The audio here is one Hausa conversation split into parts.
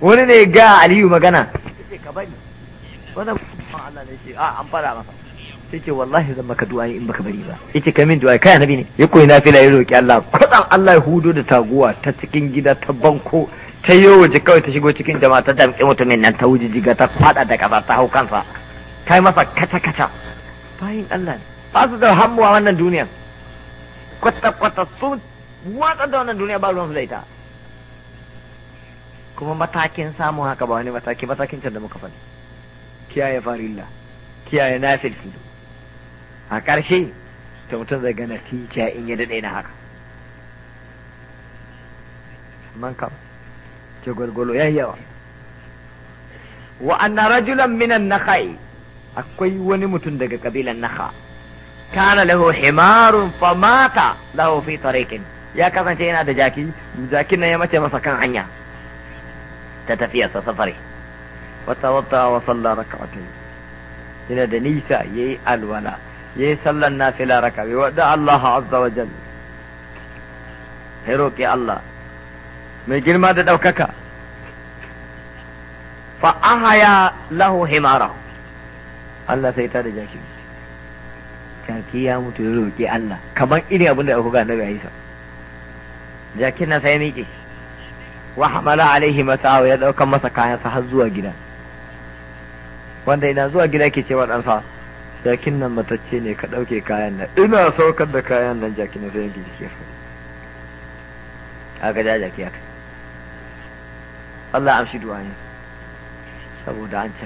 wani ne ga aliyu magana yake ka bari wannan kuma Allah ne ce a ah, an fara masa sai ce wallahi zan maka du'a in baka bari ba yake ka min du'a kai annabi ne ya koyi nafila ya roki Allah kwatsam Allah ya hudo da taguwa ta cikin gida ta banko ta yi waje kawai ta shigo cikin jama'a ta damƙe mutumin nan ta wuji jiga ta fada da ƙasa ta hau kansa kai yi masa kaca kaca bayin Allah ne ba su da hammuwa wannan duniya kwata kwata sun watsa da wannan duniya ba ruwan su da ita kuma matakin samun haka ba wani mataki matakin can da muka faɗi kiyaye farilla kiyaye nafil a ƙarshe ta mutum zai gana tica in ya daɗe na haka man kam ce gwalgwalo ya yi yawa wa rajulan minan nakhai akwai wani mutum daga kabilan nakha kana lahu himarun famata lahu fi ya kasance yana da jaki jakin nan ya mace masa kan hanya ta tafiyarsa safari wata wata wa sallah yana da nisa yayi alwala yayi sallan nafila rakawi wa da Allah azza wa Allah mai girma da ɗaukaka fa ahaya lahu himara Allah sai ta da jaki jaki ya mutu ya roƙi Allah kamar irin abin da aka ga annabi Isa jakin na sai miƙe wa hamala alaihi mata'ahu ya daukan masa kayansa har zuwa gida wanda ina zuwa gida ke cewa sa jakin nan matacce ne ka ɗauke kayan nan ina saukar da kayan nan jakin nan sai yanki jike su aka ja jaki aka Allah amshi du'a ne saboda an ci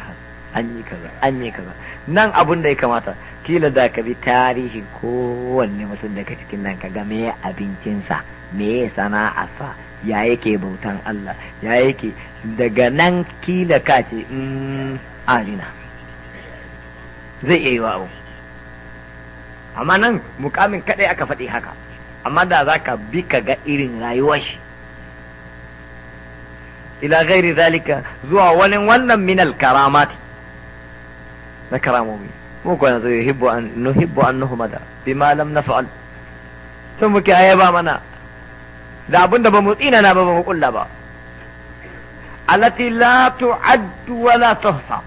an yi kaza an yi kaza nan abun da ya kamata kila da ka bi tarihin kowanne mutum daga cikin nan ka ga me abincinsa me sana'arsa ya yake bautan Allah ya yake daga nan kila ka ce mm, arina zai iya yi wa amma nan mukamin kadai aka faɗi haka amma da za ka bi ka ga irin rayuwar shi ila gairi zalika zuwa wani wannan minal karamati na karamomi mu kuwa yanzu yuhibbu an nuhibbu mada nuhmada bima lam naf'al sun muke ayaba mana da abin da ba mu tsina na ba ba mu kulla ba allati la tu'addu wa la tuhsa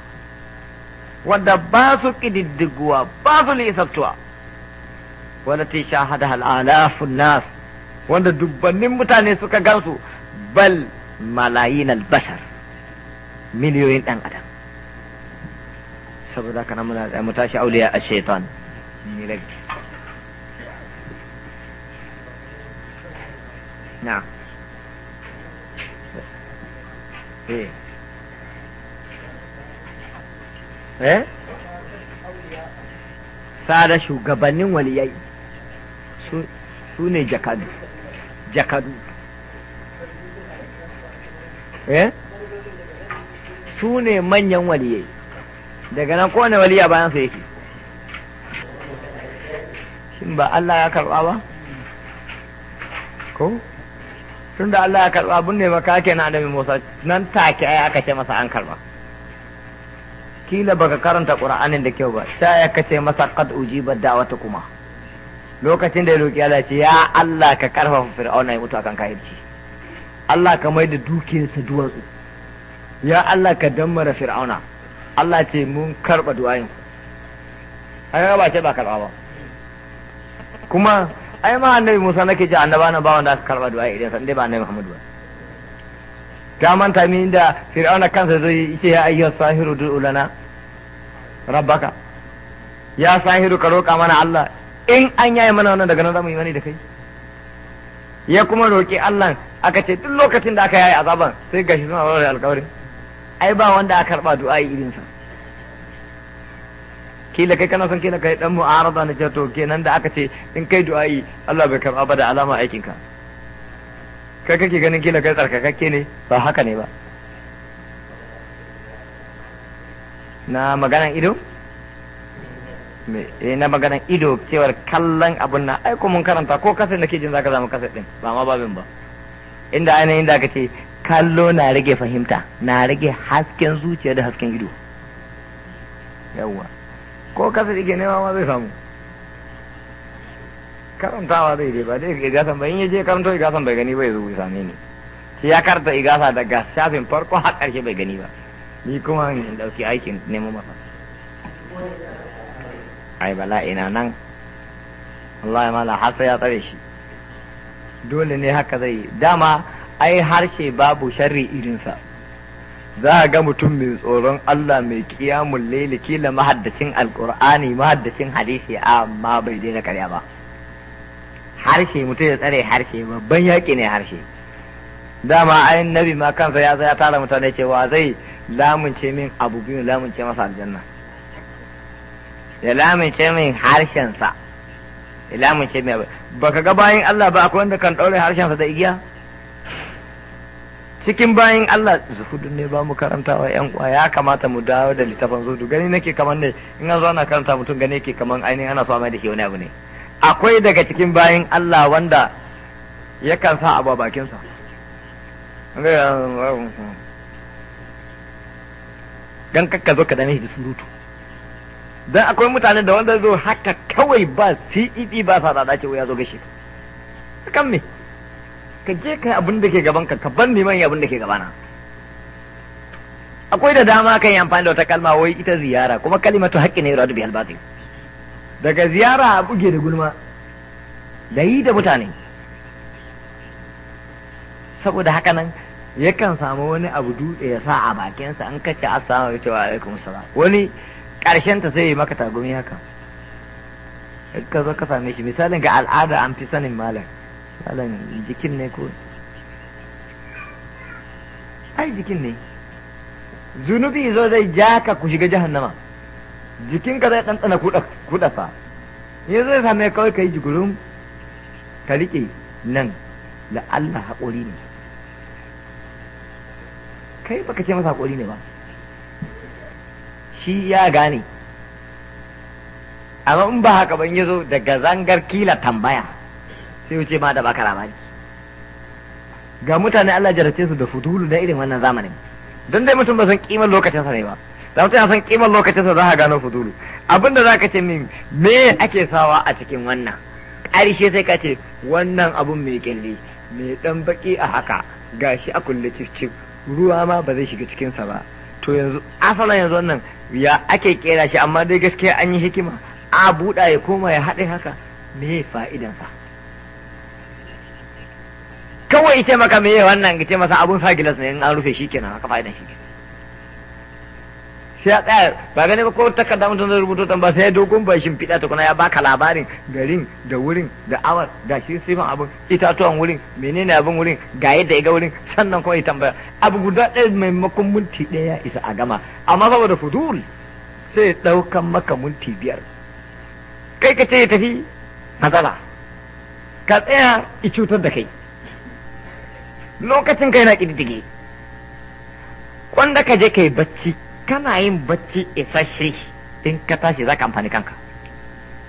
wanda ba su kididdiguwa ba su lisaftuwa wallati shahadaha al'alafun nas wanda dubbannin mutane suka gansu bal malayin albashar miliyoyin ɗan adam saboda kana muna mu tashi auliya a shaitan ni نعم ايه eh tsara shugabannin waliyai su ne jakadu jakadu eh su ne manyan waliyai daga nan kowane waliya bayan su yake shin ba Allah ya karɓa ba ko tun da Allah ya karɓa abin ne maka na annabi Musa nan take ai aka ce masa an karɓa kila baka karanta Qur'anin da kyau ba sai ya kace masa qad ujiba da'wata kuma lokacin da ya roki Allah ce ya Allah ka karfafa Fir'auna ya mutu akan kafirci Allah ka mai da dukiyarsa duwatsu ya Allah ka dammara Fir'auna Allah ce mun karba du'ayin ai ba ce ba karɓa ba kuma ai ma annabi Musa nake ji annaba nan ba wanda aka karba du'a idan san dai ba annabi Muhammad ba ta manta min da fir'auna kansa zai ce ya ayyuha sahiru du'u lana rabbaka ya sahiru ka roƙa mana Allah in an yaye mana wannan daga nan zamu yi mani da kai ya kuma roƙi Allah aka ce duk lokacin da aka yaye azaban sai gashi suna rawar alƙawarin ai ba wanda aka karba du'a irinsa kila kai kana son kila kai dan mu'arada na jato kenan da aka ce in kai du'a'i Allah bai karba ba da alama aikin ka kai kake ganin kila kai tsarkakakke ne ba haka ne ba na maganan ido me eh, na maganan ido cewar kallon abun na aiko mun karanta ko kasai nake jin zaka zama kasai din ba ma babin ba inda ainihin da aka ce kallo na rage fahimta na rage hasken zuciya da hasken ido yawwa ko kasa yake nema ma zai samu karantawa zai je ba dai ke ba in ya je karanto igasan bai gani ba ya zo ya same ni shi ya karta igasa daga shafin farko har karshe bai gani ba ni kuma in dauki aikin nemo masa ai bala ina nan Allah ya mala har sai ya tsare shi dole ne haka zai dama ai harshe babu sharri irinsa za a ga mutum mai tsoron Allah mai kiyamun laili kila mahaddacin alkur'ani mahaddacin hadisi amma bai daina karya ba harshe mutum ya tsare harshe babban yaƙi ne harshe dama ayin nabi ma kansa ya zai tara mutane cewa zai lamunce min abu biyu lamunce masa aljanna ya lamunce min harshensa ya lamunce min abu baka ga bayan Allah ba akwai wanda kan ɗaure harshensa da igiya cikin bayan Allah zuhudu ne ba mu wa yan kwa ya kamata mu dawo da littafin zuhudu gani nake kamar ne in an zo ana karanta mutum gani yake kamar ainihin ana so da shi wani abu ne akwai daga cikin bayan Allah wanda yakan sa abu a bakinsa dan kakka zo ka dane da surutu dan akwai mutane da wanda zo haka kawai ba CED ba sa da dace ya zo gashi kan me ka je kai abin da ke gaban ka ka ban liman abin da ke gabana akwai da dama kan yi amfani da wata kalma wai ita ziyara kuma kalimatu haƙƙi ne yuradu bihal batil daga ziyara a buge da gulma da yi da mutane saboda haka nan yakan samu wani abu dutse ya sa a bakinsa an kace assalamu alaikum salam wani karshen ta sai maka tagumi haka ka zo ka same shi misalin ga al'ada an fi sanin malam malam jikin ne ko ai jikin ne zunubi zo zai ja ka ku shiga jahannama jikinka zai ɗanɗana kuɗafa ya zai same kawai ka yi jigurum ka riƙe nan Allah haƙori ne kai baka ce masa haƙori ne ba shi ya gane amma in ba haka ban ya daga zangar kila tambaya sai wuce ma da baka ramani ga mutane Allah jarace su da fudulu na irin wannan zamanin dan dai mutum ba san kimar lokacinsa ne ba da mutum ya san kimar lokacinsa za ka gano fudulu abinda za ka ce min me ake sawa a cikin wannan ƙarshe sai ka ce wannan abun mai kyalli mai dan baki a haka gashi a kulle cif ruwa ma ba zai shiga cikinsa ba to yanzu asalin yanzu wannan ya ake kera shi amma dai gaskiya an yi hikima a buɗa ya koma ya haɗe haka me fa'idansa kawai ita maka meye wannan ce masa abun sa gilas ne in an rufe shi kenan haka fa'idan shi sai tsaya ba gani ba ko takarda mutum zai rubuto tamba ba sai a dogon fida ta kuna ya baka labarin garin da wurin da awar da shi sifan abun itatuwan wurin menene abun wurin ga yadda ya ga wurin sannan kuma ya tambaya abu guda ɗaya maimakon minti ɗaya isa a gama amma saboda fudul sai ɗaukan maka minti biyar kai ka ce ya tafi matsala ka tsaya i cutar da kai lokacin ka yana ƙididdige wanda ka je ka yi bacci kana yin bacci isasshe in ka tashi za ka amfani kanka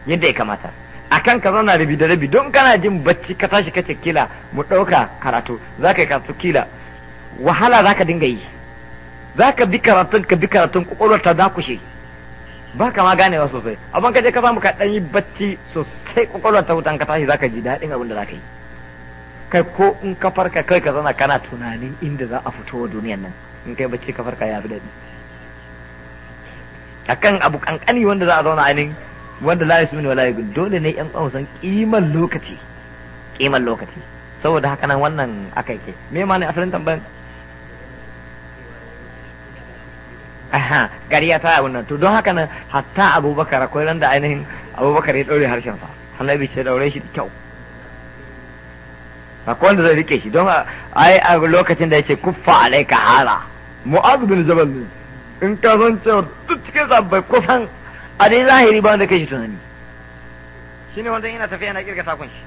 yadda ya kamata a kan ka zauna rabi da rabi don kana jin bacci ka tashi kace kila mu ɗauka karatu za ka yi karatu kila wahala za ka dinga yi za ka bi karatun ka bi karatun kwakwalwar ta dakushe ba ka ma ganewa sosai abin ka je ka samu ka ɗan yi bacci sosai kwakwalwar ta wutan ka tashi za ka ji daɗin abin da za ka yi kai ko in ka farka kai ka zana kana tunanin inda za a fito wa duniyan nan in kai bacci ka farka ya fi a akan abu kankani wanda za a zauna ainihin wanda la yasmin wala yagul dole ne yan uwan san kiman lokaci kiman lokaci saboda haka nan wannan aka yake me ma ne asalin tambayan aha gariya ta wannan to don haka nan hatta abubakar akwai ran da ainihin abubakar ya daure harshen sa annabi ce daure shi da kyau akwai wanda zai rike shi don yi a lokacin da yake kuffa ka hala mu'az bin jabal ne in ka san cewa duk cikin sabbai kusan a dai zahiri ba wanda kai shi tunani ne wanda yana tafiya na kirga sakon shi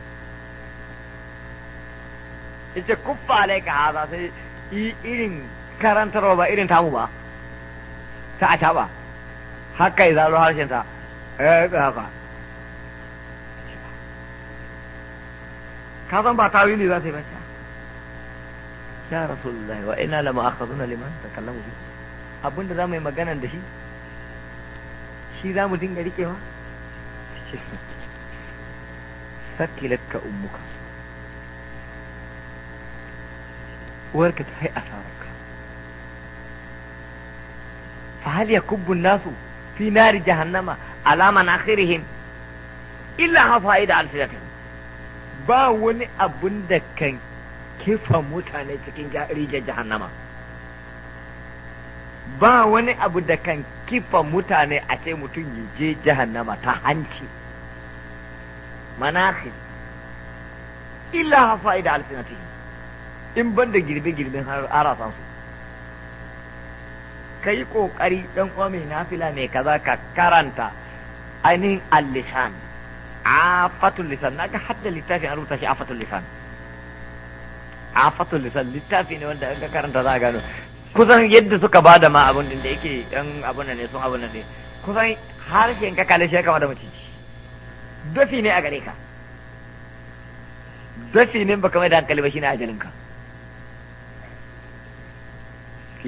yace kuffa ka hala sai irin karantarwa ba irin tamu ba ta a haka ya zaro harshen ta eh haka ka san ba tawili za ta yi ba ya rasulullahi wa ina lama akhazuna liman takallamu bi abinda za mu yi magana da shi shi za mu dinga rikewa sakilatka ummuka uwarka ta hai asararka fa hal kubbun nasu fi nari jahannama ala manakhirihim illa hafaida alsinatihim ba wani abun da kan kifa mutane cikin rijiyar jahannama ba wani abu da kan kifa mutane a ce mutum ya je jahannama ta hanci manakhi illa hafa'i da alfinati in ban da girbe-girben harasansu ka yi ƙoƙari ɗan uwa mai nafila mai kaza ka karanta ainihin allisan afatul lisan naga hadda littafin an rubuta shi afatul lisan afatul lisan littafi ne wanda an ka karanta za a gano kusan yadda suka ba da ma abun din da yake dan abun ne sun abun ne kusan harshen ka kale shi kama da maciji dafi ne a gare ka dafi ne baka mai da hankali ba shine ajalin ka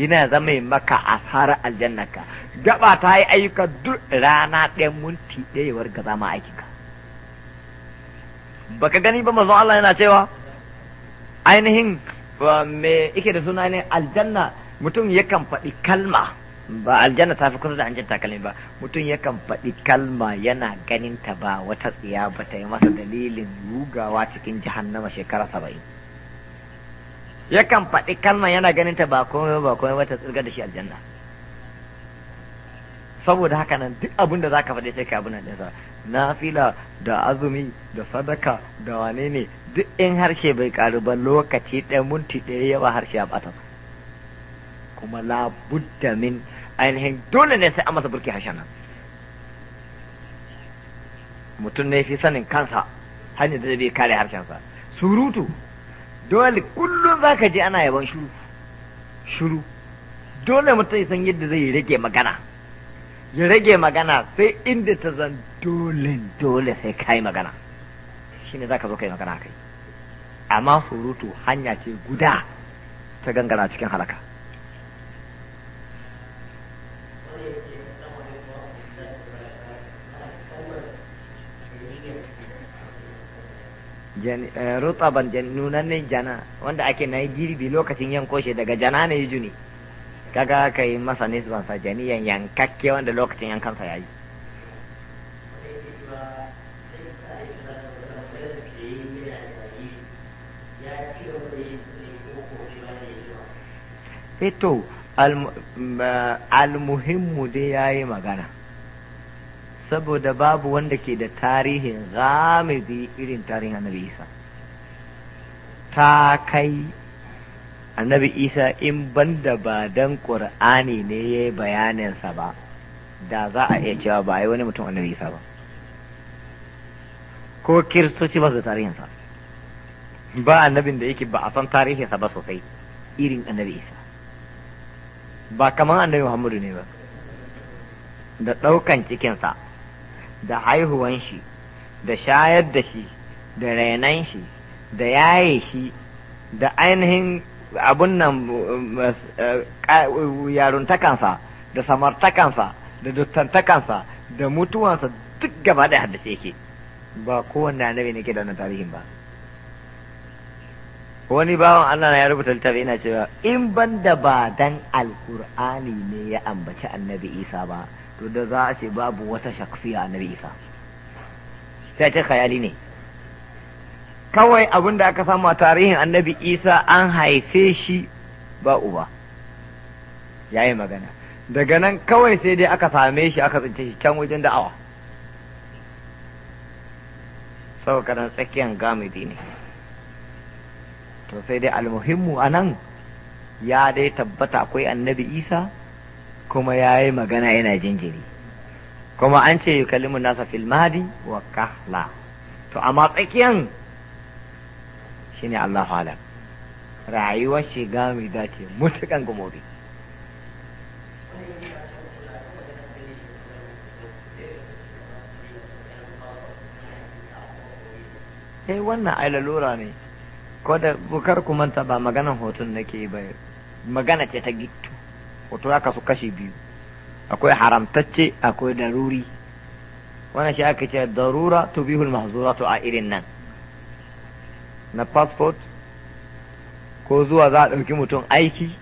ina zama maka asara aljannaka gaba ta yi ayyuka duk rana ɗaya minti ɗaya warga zama aikinka baka gani ba manzon Allah yana cewa ainihin me ike da suna ne aljanna mutum yakan faɗi kalma ba aljanna ta fi kusa da hanjin takalmi ba mutum yakan faɗi kalma yana ganin ta ba wata tsiya ba ta yi masa dalilin rugawa cikin jahannama shekara saba'in yakan faɗi kalma yana ganin ta ba komai ba komai wata tsirga da shi aljanna saboda haka nan duk abin da ka faɗi sai ka abin nan ɗinsa nafila da azumi da sadaka da wane ne duk in harshe bai karu ba lokaci ɗaya minti ɗaya yawa harshe a ɓata kuma labudda min ainihin dole ne sai an masa burki harshen nan mutum ne fi sanin kansa hanyar da zai kare harshensa surutu dole kullum za ka je ana yaban shuru shuru dole mutum san yadda zai rage magana ya rage magana sai inda ta zan dole dole sai kai magana za ka zo kai magana kai amma surutu hanya ce guda ta gangara cikin halaka eh, rutsaban nunannen jana wanda ake na girbi lokacin yankoshe daga jana ne juni kaga ka yi masa nisban sa jami'an yankakke wanda lokacin yankansa ya yi Ito, eh mm, ah, almuhimmu dai ya yi magana, saboda babu wanda ke da tarihin zamizi irin tarihin Isa, ta kai annabi isa in banda ba dan qur'ani ne ya yi bayaninsa ba da za a iya cewa ba a yi wani mutum annabi isa ba ko kiristoci ba su tarihinsa ba annabin da yake ba a san tarihinsa ba sosai irin annabi isa ba kamar annabi muhammadu ne ba da ɗaukan cikinsa da haihuwan shi da shayar da shi da rainan shi da yaye shi da ainihin abun nan eh, eh, yaruntakansa da samartakansa da dutantakansa da mutuwansa duk gaba da haddace yake ba kowanne annabi ne ke da wannan tarihin ba wani bawan Allah na ya rubuta littafi ina cewa in ban da ba dan alkur'ani ne ya ambaci annabi isa ba to da za a ce babu wata shakfiya annabi isa sai ce khayali ne kawai abin da aka samu a tarihin annabi isa an haife shi ba uba ya yi magana daga nan kawai sai dai aka same shi aka tsince shi can wajen da'awa saukanan tsakiyar gamidi ne to sai dai almuhimmu a nan ya dai tabbata akwai annabi isa kuma ya yi magana yana jinjiri kuma an ce yi kalimun nasa filmadi wa kahla to amma tsakiyan ne Allah alam rayuwar shiga mai dace mutukan gumobi sai eh, wannan ai ne ko da bukar ku manta ba maganan hoton nake ba magana ce ta gittu hoto ya kasu kashi biyu akwai haramtacce akwai daruri wannan shi aka ce darura tubihul mahzuratu a irin nan na passport ko zuwa za a ɗauki mutum aiki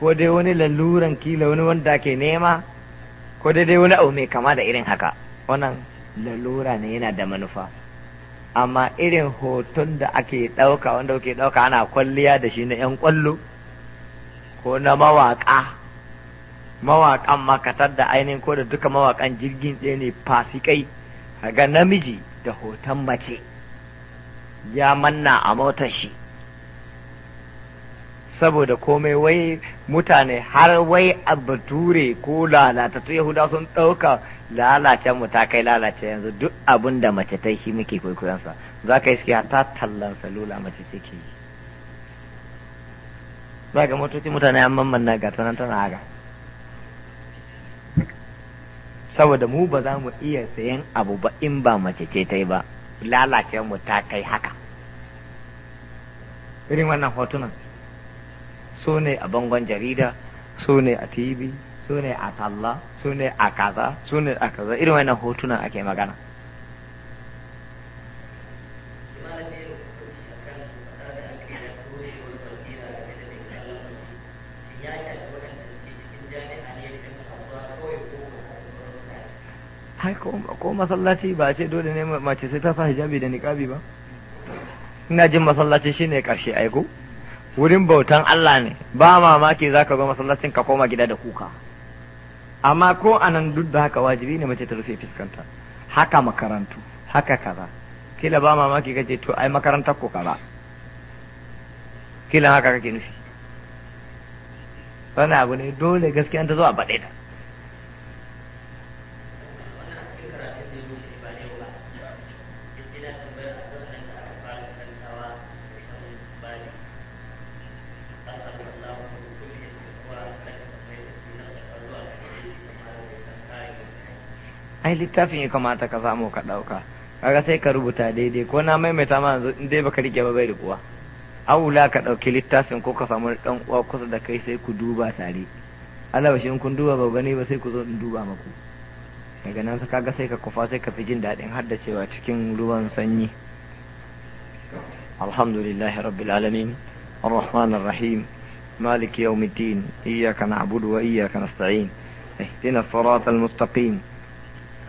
ko dai wani laluran kila wani wanda ke nema ko dai dai wani abu mai kama da irin haka wannan lalura ne yana da manufa amma irin hoton da ake ɗauka wanda ke ɗauka ana kwalliya da shi na 'yan kwallo ko na mawaƙa mawaƙan makatar da ainihin ko da duka mawaƙan jirgin ɗaya ne fasikai ga namiji da hoton mace ya manna a motar shi saboda komai wai mutane har wai a bature ko lalata lalatattu yahuda sun ɗauka lalace mu ta kai lalace yanzu duk abin da mace ta shi muke kwaikwayonsa za ka yi suke ta tallan salula mace take yi ba ga motoci mutane an mamman ga tana haka saboda mu ba za mu iya sayan abu ba in ba mace ce ta yi ba lalace mu ta kai haka irin wannan hotunan su ne a bangon jarida su ne a tv su ne a talla su ne a kaza su ne a kaza irin wannan hotunan ake magana hai ko masallaci ba a ce dole ne mace sai ta sa hijabi da niqabi ba ina jin masallaci shine karshe aiko wurin bautan Allah ne ba mamaki zaka zo masallacin ka koma gida da kuka amma ko anan duk da haka wajibi ne mace ta rufe fuskanta haka makarantu haka kaza kila ba mamaki kace to ai makarantar ko kaza kila haka kake nufi wannan abu ne dole gaskiya ta zo a baɗe ta ai littafin ya kamata ka samu ka ɗauka kaga sai ka rubuta daidai ko na maimaita ma yanzu in dai baka rike ba bai rikuwa aula ka ɗauki littafin ko ka samu ɗan uwa kusa da kai sai ku duba tare Allah shi in kun duba ba gani ba sai ku zo in duba maku daga nan kaga sai ka kufa sai ka fi jin daɗin haddacewa cikin ruwan sanyi alhamdulillahi rabbil alamin الرحمن الرحيم مالك يوم الدين إياك نعبد وإياك نستعين اهدنا الصراط المستقيم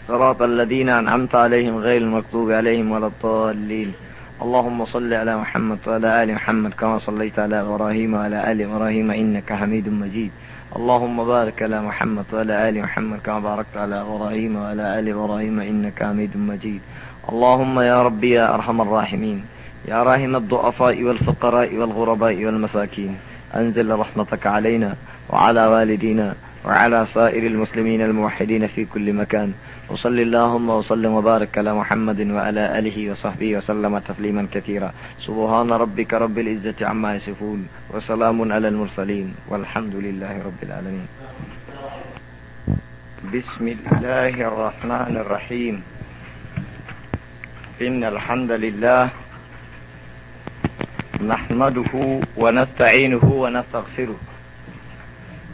صراط الذين أنعمت عليهم غير المكتوب عليهم ولا الضالين اللهم صل على محمد وعلى آل محمد كما صليت على إبراهيم وعلى آل إبراهيم إنك حميد مجيد اللهم بارك على محمد وعلى آل محمد كما باركت على إبراهيم وعلى آل إبراهيم إنك حميد مجيد اللهم يا ربي يا أرحم الراحمين يا راهم الضعفاء والفقراء والغرباء والمساكين أنزل رحمتك علينا وعلى والدينا وعلى سائر المسلمين الموحدين في كل مكان وصل اللهم وسلم وبارك على محمد وعلى آله وصحبه وسلم تسليما كثيرا سبحان ربك رب العزة عما يصفون وسلام على المرسلين والحمد لله رب العالمين بسم الله الرحمن الرحيم إن الحمد لله نحمده ونستعينه ونستغفره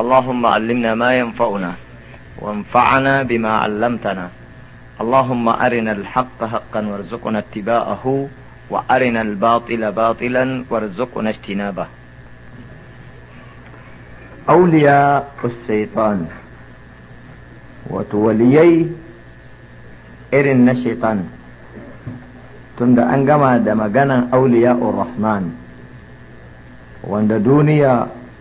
اللهم علمنا ما ينفعنا وانفعنا بما علمتنا اللهم أرنا الحق حقا وارزقنا اتباعه وأرنا الباطل باطلا وارزقنا اجتنابه أولياء الشيطان وتوليي إرن الشيطان تند أنجما دمجنا أولياء الرحمن وند دونيا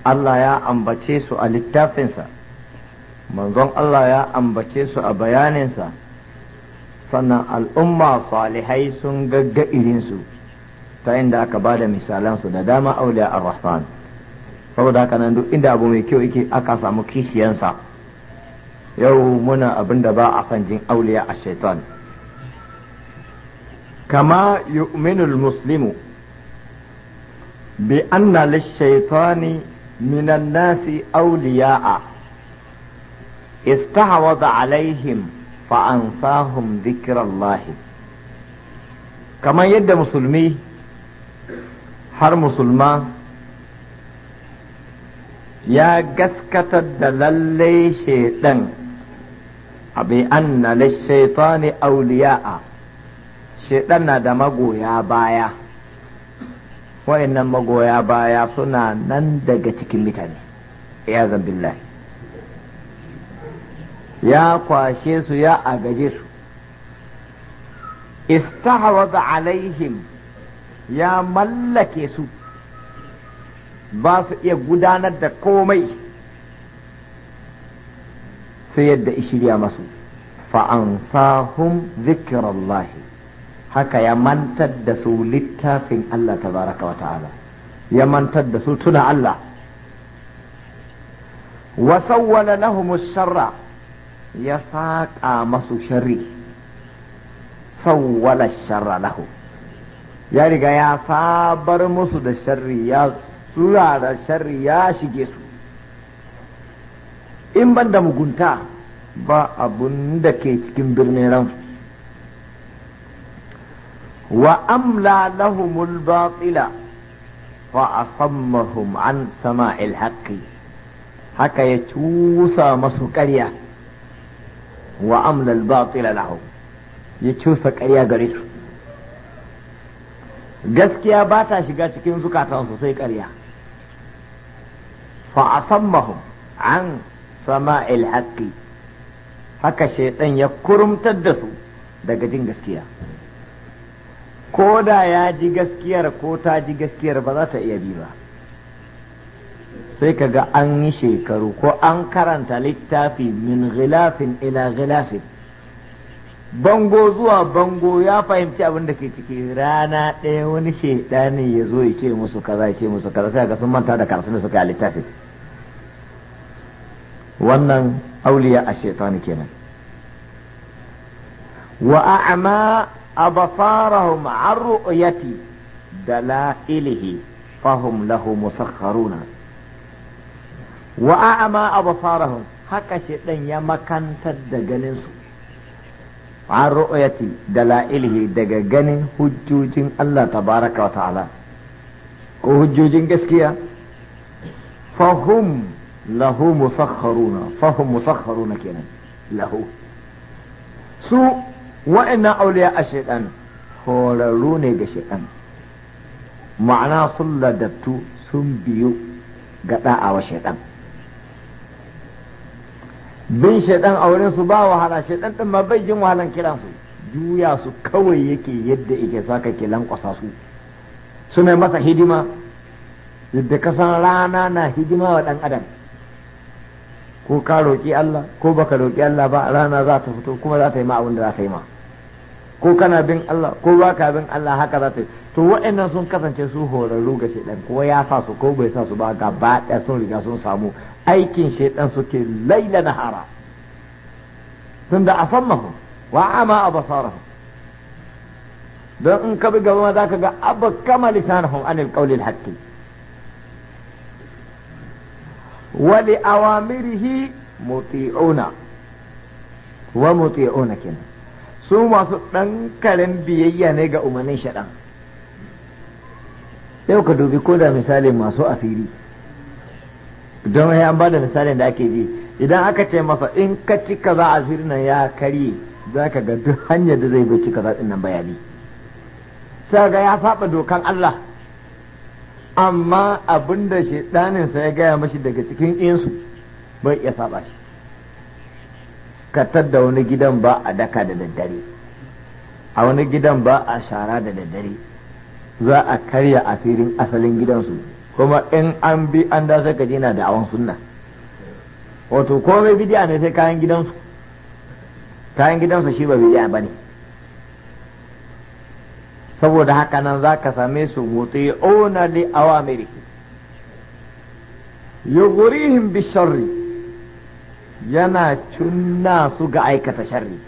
Allah ya ambace su a littafinsa manzon Allah ya ambace su a bayaninsa sannan al'umma salihai sun gagga irinsu ta inda aka ba da misalansu da dama auliya ar-rahman saboda haka nan duk inda abu mai kyau yake aka samu kishiyansa yau muna abin da ba a san jin auliya a shaitan kama yu'minul muslimu bi anna lish-shaytani من الناس أولياء استعوض عليهم فأنساهم ذكر الله kamar yadda musulmi har musulma ya gaskatar da lalle shaidan abi anna lishaitani auliya'a shaidan na da magoya baya wa'annan magoya baya suna nan daga cikin mutane ya zambillah ya kwashe su ya agaje su istahwaza alaihim ya mallake su ba su iya gudanar da komai sai yadda ishirya masu fa'ansahum zikirallahi haka ya mantar da su littafin Allah Ta Baraka wa ta'ala ya mantar da su tuna Allah wa sawwala lahum sharra ya saƙa masu shari sawwala sharra lahu ya riga ya sabar musu da sharri ya tsura da sharri ya shige su in ban da mugunta ba abun da ke cikin birnin ransu وأملى لهم الباطل فأصمهم عن sama'il الحق haka ya cusa masu ƙarya wa amlal batila lahum ya cusa ƙarya gare su gaskiya ba ta shiga cikin zukatansu sai ƙarya fa asammahum an sama'il haqqi haka shaitan ya kurumtar da su daga jin gaskiya ko da ya ji gaskiyar ko ta ji gaskiyar ba za ta iya bi ba sai ka ga an yi shekaru ko an karanta littafi min ghilafin ila ghilafin bango zuwa bango ya fahimci abin da ke ciki rana ɗaya wani shaidani ya zo ya ce musu kaza ya ce musu kaza sai ga sun manta da karatun da suka yi littafi wannan auliya a shaitani kenan wa a'ma أبصارهم عن رؤية دلائله فهم له مسخرون وأعمى أبصارهم haka ɗan ya makantar da ganinsu an ru'yati dala'ilihi daga ganin hujjojin Allah tabaraka wa ta'ala ko hujjojin gaskiya fahum lahu musakharuna fahum musakharuna kenan lahu su wa'annan auliya a shaidan horarru ne ga shaidan ma'ana sun ladattu sun biyu ga da'awa shaidan bin shaidan a wurin su ba wahala shaidan din ma bai jin wahalan kiran su juya su kawai yake yadda yake saka ke lankwasa su suna masa hidima yadda kasan rana na hidima wa dan adam ko ka roƙi Allah ko baka roƙi Allah ba rana za ta fito kuma za ta yi ma abin da za ta yi ma ko kana bin Allah ko ba ka bin Allah haka za ta yi to wa'annan sun kasance su horarru ga shaidan ko ya sa su ko bai sa su ba ga ɗaya sun riga sun samu aikin shaidan suke laila nahara tunda asammahum wa ama basara don in ka bi gaba za ka ga abba kama lisanahum anil qawli al-haqqi wa li awamirihi muti'una wa muti'una kenan su masu ɗan karen biyayya ne ga umarnin shaɗan yau ka dubi ko da misali masu asiri don ya ba da misalin da ake bi idan aka ce masa in ka ci kaza a nan ya karye za ka ga duk hanyar da zai bai ci kaza nan bayani sai ga ya saba dokan Allah amma abinda da ɗaninsa ya gaya mashi daga cikin insu bai iya saba shi ka da wani gidan ba a daka da daddare a wani gidan ba a shara da daddare za a karya asirin asalin gidansu kuma in an bi an da sai ka na da awon sunna wato komai bidiya ne sai kayan gidansu kayan gidansu shi ba bidiya ba ne saboda haka nan za ka same su mutu ona li awamiriki yughurihim bisharri yana cunna su ga aikata sharri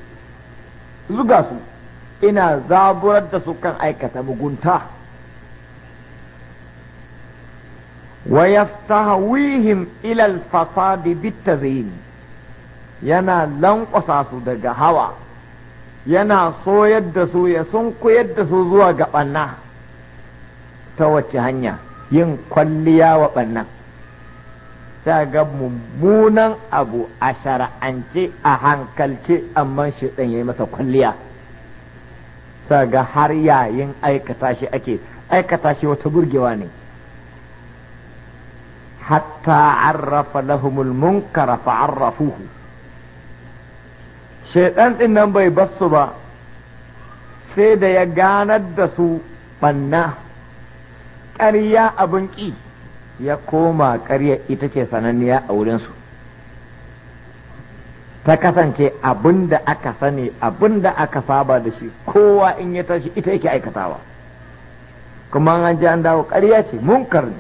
zuga su ina zaburar da su kan aikata mugunta wa yastahwihim ila al-fasadi bit yana lankwasa su daga hawa yana soyar da su ya sunkuyar da su zuwa ga ɓanna ta wacce hanya yin kwalliya wa ɓannan sa ga mummunan abu a shara'ance a hankalce amma shi ya yi masa kwalliya sa ga har yayin aikata shi ake aikata shi wata burgewa ne hatta arrafa lahumul munkara fa'arrafuhu shaidan din nan bai basu ba sai da ya ganar da su banna. ƙarya abin ƙi ya koma ƙarya ita ce sananniya a wurinsu ta kasance abin da aka sani abin da aka saba da shi kowa in ya tashi ita yake aikatawa kuma an ji an dawo ƙarya ce munkar ne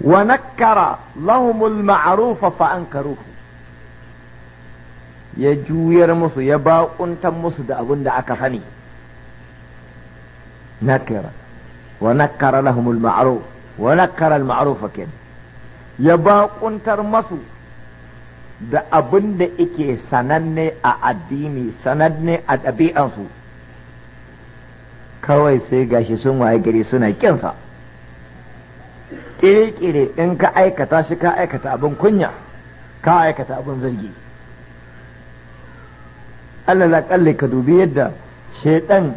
wa nakkara lahumul ma'rufa fa ankaruhu ya juyar musu ya baƙuntan musu da abin da aka sani nakira ونكر لهم المعروف ونكر المعروف كن يباقنتر مسو da abin da ike sananne a addini sananne a ɗabi'ansu kawai sai gashi sun waye gari suna ƙinsa ƙire-ƙire in ka aikata shi ka aikata abin kunya ka aikata abin zargi allah laƙalle ka dubi yadda shaidan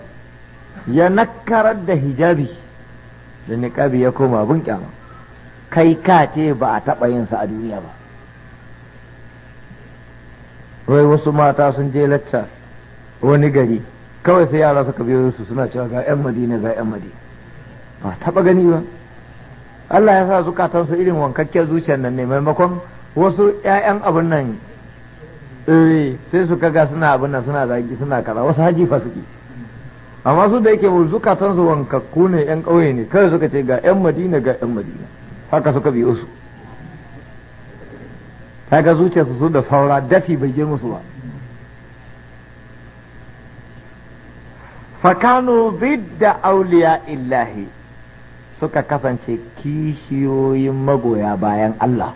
ya nakarar da hijabi da niƙabi ya koma bin kyama kai ka ce ba a taɓa yin sa a duniya ba wai wasu mata sun je lacca wani gari kawai sai yara suka biyo su suna cewa ga 'yan madina ga 'yan madina ba taɓa gani ba Allah ya sa zukatansu irin wankakken zuciyar nan ne maimakon wasu 'ya'yan abin nan eh, sai su kaga suna abin nan suna zagi suna kaza wasu hajji suke amma su da yake zukatan su wankakku ne yan kauye ne kawai suka ce ga yan madina ga yan madina haka suka biyo su kaga zuciyar su da saura dafi bai je musu ba fakanu bidda auliya illahi suka kasance kishiyoyin magoya bayan Allah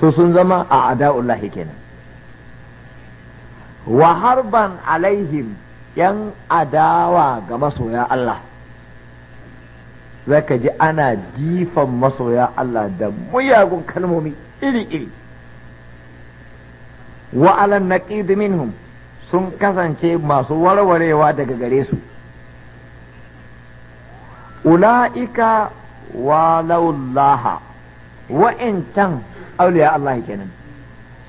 su sun zama a ada'ullahi kenan wa harban alaihim 'yan adawa ga masoya Allah zaka ji ana jifan masoya Allah da muyagun kalmomi iri-iri wa'alan naqid minhum sun kasance masu warwarewa daga gare su ula'ika walaullaha wa'incan auliya Allah kenan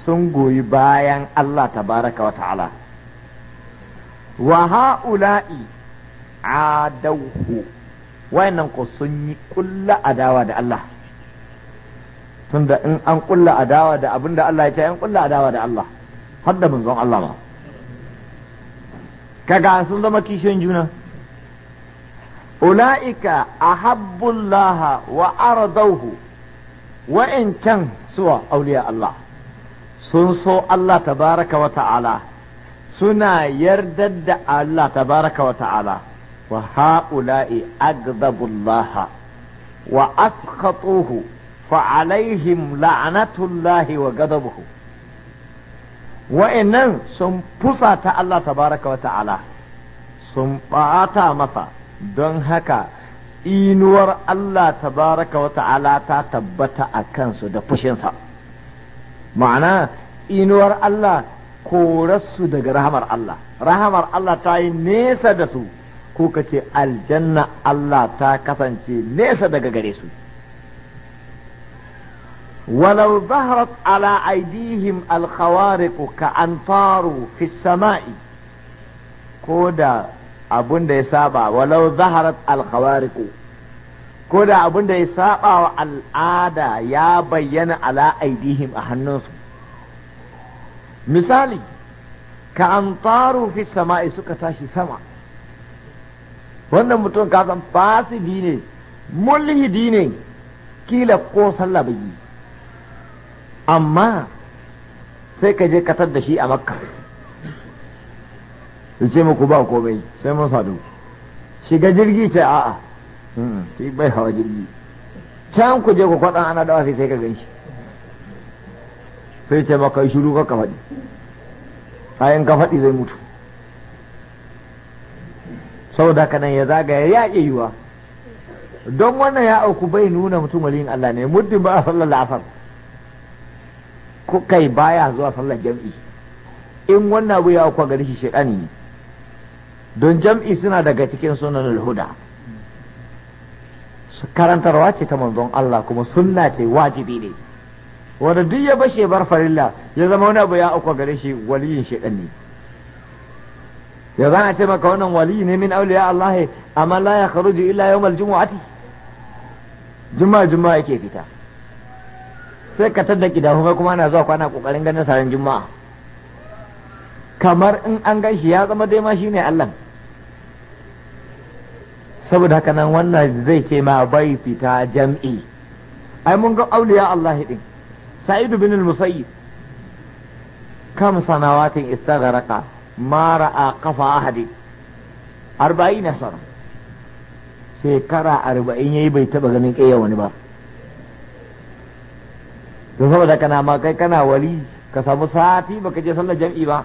sun goyi bayan Allah tabaraka wa ta'ala wa ha'ula'i adawhu wayannan ko sun yi kulla adawa da Allah tunda in an kulla adawa da abinda Allah ya ce an kulla adawa da Allah har da manzon Allah ma kaga sun zama kishiyoyin juna ula'ika ahabbullaha wa aradauhu wa'incan suwa auliya Allah sun so Allah tabaraka wa ta'ala suna yardar da Allah tabaraka wa ta'ala wa ha'ula'i aghdabullah wa asqatuhu fa alaihim wa ghadabuhu wa'annan sun fusata Allah tabaraka wa ta'ala sun ɓata masa don haka inuwar Allah tabaraka wa ta'ala ta tabbata a kansu da fushinsa ma'ana inuwar Allah korarsu daga rahamar Allah rahamar Allah ta yi nesa da su ko ka ce aljanna Allah ta kasance nesa daga gare su walau zaharat ala aidihim ko ka an taru fi sama'i ko da abun da ya saba walau zaharat alkhawariku ko da abun da ya saba wa al'ada ya bayyana ala aidihim a hannunsu misali ka an fi sama'i suka tashi sama wannan mutum ka san fasidi ne mulhidi ne kila ko sallah bai yi amma sai ka je katar da shi a makka su ce muku ba komai sai mun sadu shiga jirgi ce a'a shi bai hawa jirgi can ku je ku kwaɗan ana dawa sai ka gan shi sai ce maka yi shiru ka faɗi bayan ka faɗi zai mutu Sau haka nan ya zagaya ya iya yiwa don wannan ya auku bai nuna mutum waliyin Allah ne muddin ba a sallar la'asar kai baya zuwa sallar jam'i in wannan abu ya auku gari shi shekani ne don jam'i suna daga cikin sunan huda karantarwa ce ta manzon Allah kuma sunna ce wajibi ne wanda duk ya bashe bar farilla ya zama wani abu ya auka gare shi waliyin shaidan ne ya zana ce maka wannan waliyi ne min auliya Allah amma la ya kharuju illa yawmal jumu'ati juma'a juma'a yake fita sai ka tadda kidahu kuma ana zuwa kwana kokarin ganin saran juma'a kamar in an gan shi ya zama dai ma shine Allah saboda haka nan wannan zai ce ma bai fita jam'i ai mun ga auliya Allah din سعيد بن المسيب كم سنوات استغرق ما رأى قف أحد أربعين سنة shekara arba'in yayi bai taba ganin ƙeya wani ba don saboda kana ma kai kana wali ka samu sati baka je sallar jam'i ba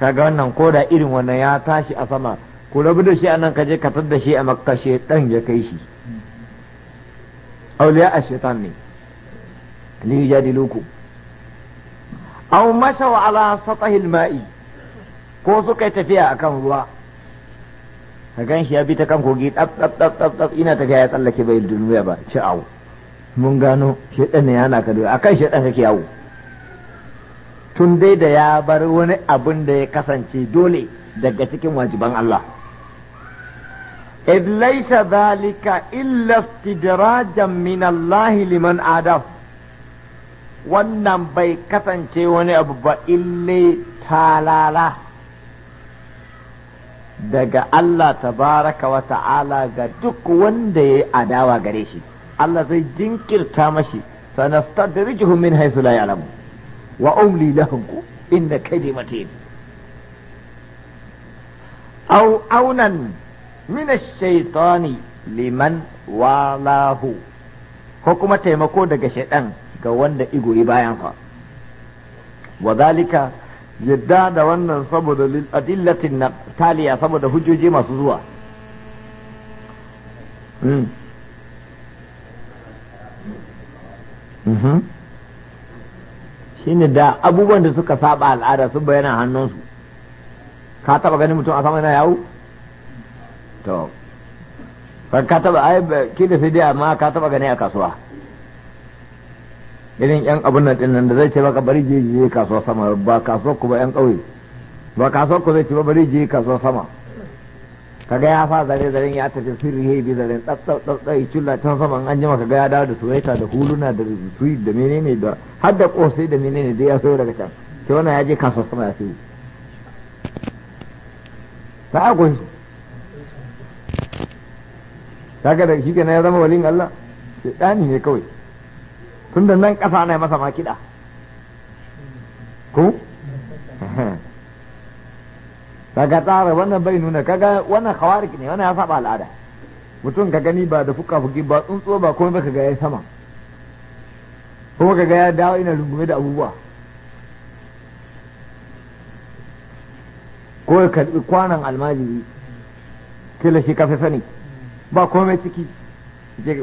kaga wannan ko da irin wannan ya tashi a sama ku rabu da shi anan ka je ka da shi a makka ɗan ya kai shi auliya a shaitan ne li yujadiluku aw mashaw ala ma'i ko suka tafiya akan ruwa ka gan shi ya bi ta kan kogi tsaf tsaf tsaf ina ta ga ya tsallake bai duniya ba ci awu mun gano shaitan ne yana ka a kan shaitan kake yawo tun dai da ya bar wani abin da ya kasance dole daga cikin wajiban Allah إذ ليس ذلك إلا استدراجا من الله لمن آداه wannan bai kasance wani abu ba ille talala daga Allah tabaraka wa ta'ala ga duk wanda ya yi adawa gare shi Allah zai jinkirta mashi sanastadrijuhum min haythu la ya'lamun wa umli lahum inna kaydi matin aw aunan min ash-shaytani liman walahu ko kuma taimako daga shaidan ga wanda igoyi bayan fa wadalika yadda da wannan saboda lil na taliya saboda hujjoji masu zuwa shine da abubuwan da suka saba al'ada sun bayyana hannunsu ka taba ganin mutum a sama yana yawo to kan ka taba ai kila sai dai amma ka taba gani a kasuwa irin yan abun nan din da zai ce baka bari je je kasuwa sama ba kasuwa ku ba yan kauye ba kasuwa ku zai ce ba bari je kasuwa sama kaga ya fa zare zare ya tafi sirri yayi bi zaren tsatsau tsatsau ya cilla tan sama an jima kaga ya dawo da suwaita da huluna da suyi da menene da har da kosai da menene dai ya so daga can ke wannan ya je kasuwa sama ya sayo ta agoshi kaga da shi kenan ya zama walin Allah shaidani ne kawai tun da nan ƙasa ana masa makida kiɗa ko kaga tsara wannan bai nuna kaga wannan hawa ne wannan ya saba al'ada mutum ka gani ba da fuka fuki ba tsuntsuwa ba kuma ba ka ga ya sama kuma ka ya dawo ina rungume da abubuwa ko ka kwanan almajiri kila shi kafi sani ba komai ciki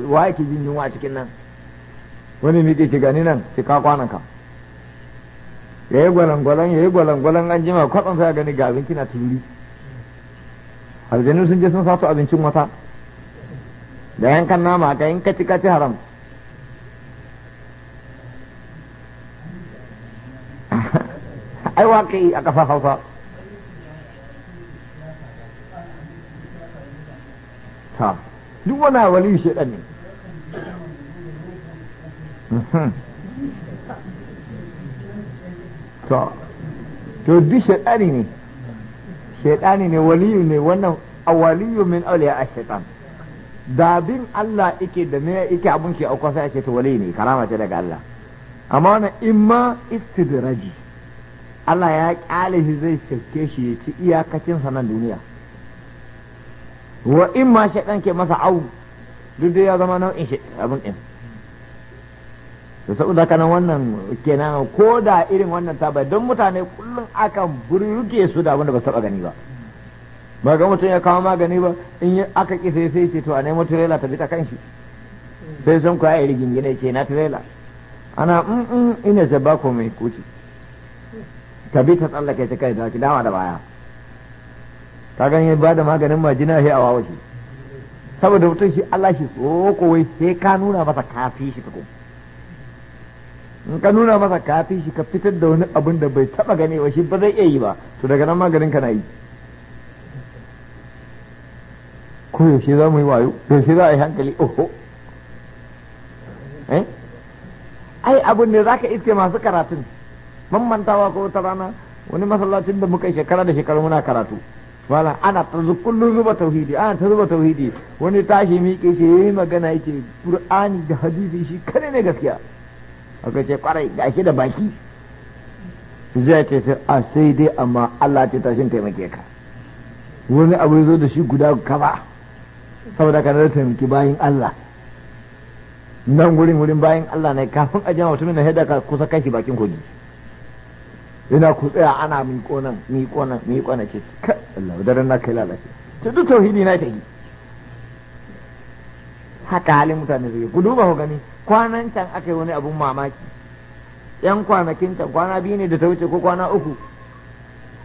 wa yake jin yunwa a cikin nan wani miƙe ke gani nan shi ka kwanan ka ya yi gwalangwalan ya yi gwalangwalan an jima kwatsan sai gani ga abinci na turi aljanu sun je sun sato abincin wata da yankan nama ka yin kaci kaci haram ai wa ka yi a ƙasa hausa ta duk wani wali shi ɗani mhm. to to duk shaidani ne shaidani ne waliyu ne wannan awaliyu min auliya a shaitan Dabin Allah ike da me ike abun ke auka sai ake to wali ne karama ce daga Allah amma wannan imma istidraji Allah ya kyale shi zai shirke shi ya ci iyakacin sanan duniya wa in ma shaidan ke masa au duk da ya zama nau'in abin din da saboda haka nan wannan kenan ko da irin wannan ta bai don mutane kullum akan burruke su da wanda ba taba gani ba ba ga mutum ya kawo magani ba in aka ki sai sai ce to a nemo tirela ta bita ta kanshi sai sun kuwa ya rigingine ce na tirela ana in mm, mm, ina ce ko mai kuci ta bita tsallake ta kai da dama da baya ka ganye ba da maganin majina sai a wawace saboda mutum shi Allah shi tsoko wai sai ka nuna masa kafi shi tukun in ka nuna masa kafi shi ka fitar da wani abin da bai taba gane wa shi ba zai iya yi ba to daga nan maganin ka na yi ko yaushe za mu yi wayo yaushe za a yi hankali oho eh ai abin da zaka iske masu karatun mamantawa ko wata rana wani masallacin da muka yi shekara da shekaru muna karatu wala ana ta kullum zuba tauhidi ana ta zuba tauhidi wani tashi miƙe ce yayi magana yake qur'ani da hadisi shi kare ne gaskiya aka ce kwarai gashi da baki zai ce sai a sai dai amma Allah ce tashin taimake ka wani abu zo da shi guda kaba saboda ka da taimaki bayan Allah nan wurin wurin bayan Allah ne kafin a jama mutumin na hada ka kusa kashi bakin kogi Ina ku tsaya ana miƙo nan miƙo nan miƙo nan ce ka Allah daren na kai lalace ta duk tauhidi na tafi haka halin mutane zai ku duba ku gani kwanan can aka yi wani abun mamaki yan kwanakin can kwana biyu ne da ta wuce ko kwana uku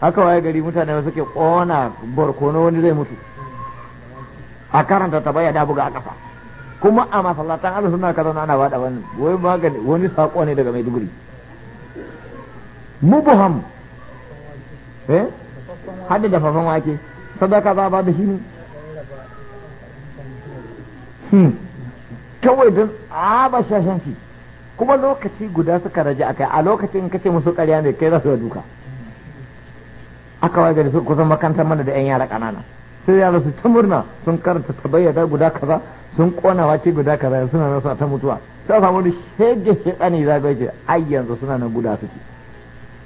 haka waye gari mutane wasu ke kona barkono wani zai mutu a karanta ta bayyana buga a ƙasa kuma a masallatan alu suna kaza ana bada wannan magani wani sako ne daga maiduguri mubham eh hadda fafan wake sadaka za ba da shi ne hmm. kawai don aba shashanci kuma lokaci guda suka raja akai a lokacin kace musu karya ne kai za su duka aka waje da su kusan makantar mana da yan yara kanana sai yara su ta murna sun karanta tabayyada guda kaza sun kona wace guda kaza suna nan ta mutuwa sai samu wani shege shekani zagaye ai yanzu suna nan guda suke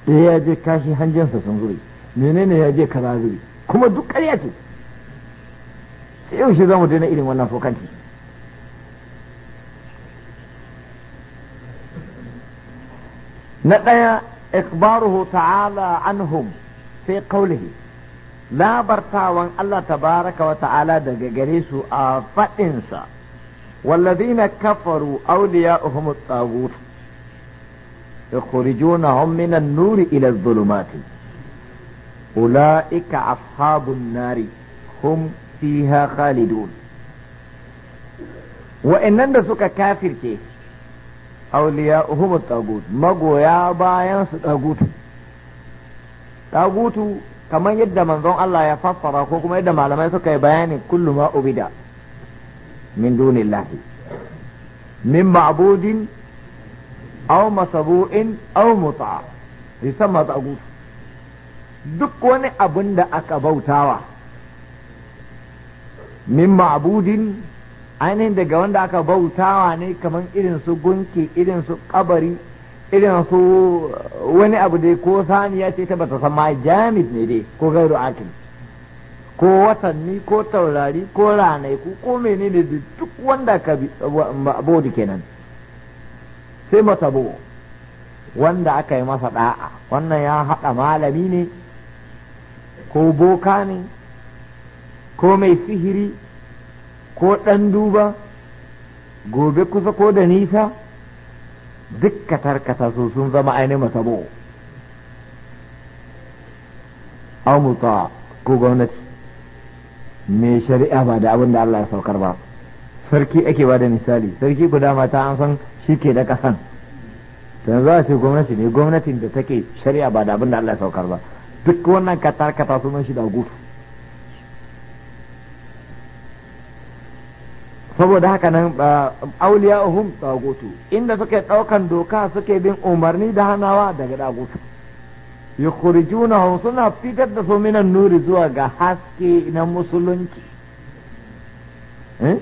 sai ya je kashi hanjinsa sun zuri menene ya je kaza zuri kuma duk ƙarya ce sai yau shi za mu daina irin wannan fokanci na ɗaya ikbaruhu ta'ala anhum sai qawlihi labartawan Allah tabaraka wa ta'ala daga gare su a faɗinsa والذين كفروا أولياؤهم الطاغوت يخرجونهم من النور إلى الظلمات أولئك أصحاب النار هم فيها خالدون وان سك كافر كي أولياؤهم الطاغوت يا بايان الطاغوت طاغوت كما يد ظن الله يفسر كما يد معلمين سك بيان كل ما أبدا من دون الله من معبود aw masabu'in aw mut'a yusamma tagut duk wani abin da aka bautawa min ma'budin ainihin daga wanda aka bautawa ne kamar irin su gunki irin su kabari irin su uh, wani abu dai ko saniya ce ta bata sama jamid ne dai ko gairu akil ko watanni ko taurari ko ranaku ko menene duk wanda ka bi kenan sai matabo wanda aka yi masa da'a wannan ya haɗa malami ne ko boka ne ko mai sihiri ko ɗan duba gobe kusa ko da nisa duk tarkata so sun zama ainihin matabo amuta ko gwamnati mai shari'a ba da abin da Allah ya saukar ba sarki ake ba da misali sarki ku dama ta an san shi ke da ƙasan to yanzu a ce gwamnati ne gwamnatin da take shari'a ba da abin da Allah ya saukar ba duk wannan katar kata sunan shi da gutu saboda haka nan auliya uhum gutu inda suke ɗaukan doka suke bin umarni da hanawa daga tsagutu yukhrijunahum suna fitar da su minan nuri zuwa ga haske na musulunci eh,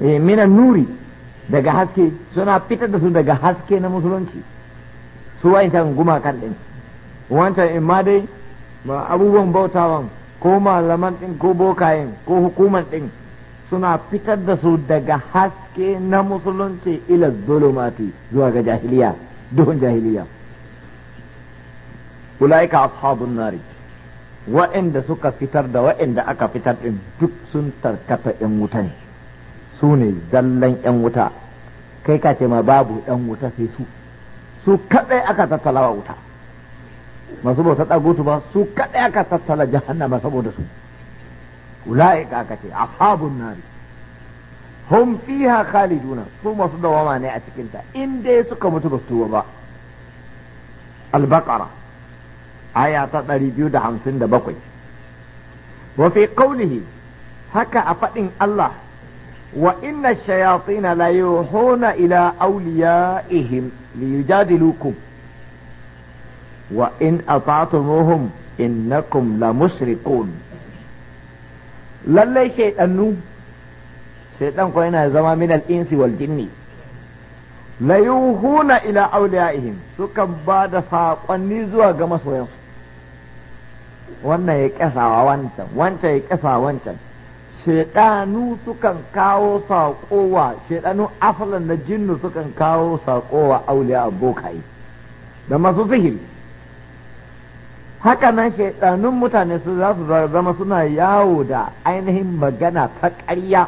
eh minan nuri daga haske suna fitar da su daga haske na musulunci su wancan kan din wancan in ma dai abubuwan bautawan ko malaman din ko bokayen ko hukuman din suna fitar da su daga haske na musulunci ila zulumati zuwa ga jahiliya duhun jahiliya ulaika ashabun nari wa'inda suka fitar da wa'inda aka fitar din duk sun tarkata in wuta ne su ne zallan 'yan wuta kai ka ce ma babu ɗan wuta sai su su kaɗai aka tattala wa wuta masu bauta gutu ba su kaɗai aka tattala jahannama saboda su ka aka ce ashabun nari hum fiha khaliduna su masu dawama ne a cikinta in dai suka mutu ba su ba albaqara aya ta 257 wa fi qawlihi haka a faɗin Allah وإن الشياطين لا يوحون إلى أوليائهم ليجادلوكم وإن أطعتموهم إنكم لمشركون للي شيطان شيطان قوينا زما من الإنس والجن لا يوحون إلى أوليائهم سكن بعد فاقواني زوا قمص وينصر wannan ya kasa wa wancan wancan ya kasa wancan shaidanu sukan kawo saƙowa shaidanu asalin na jinnu sukan kawo saƙowa auliya abokai da masu sihiri haka nan shaidanun mutane su za su zama suna yawo da ainihin magana ta ƙarya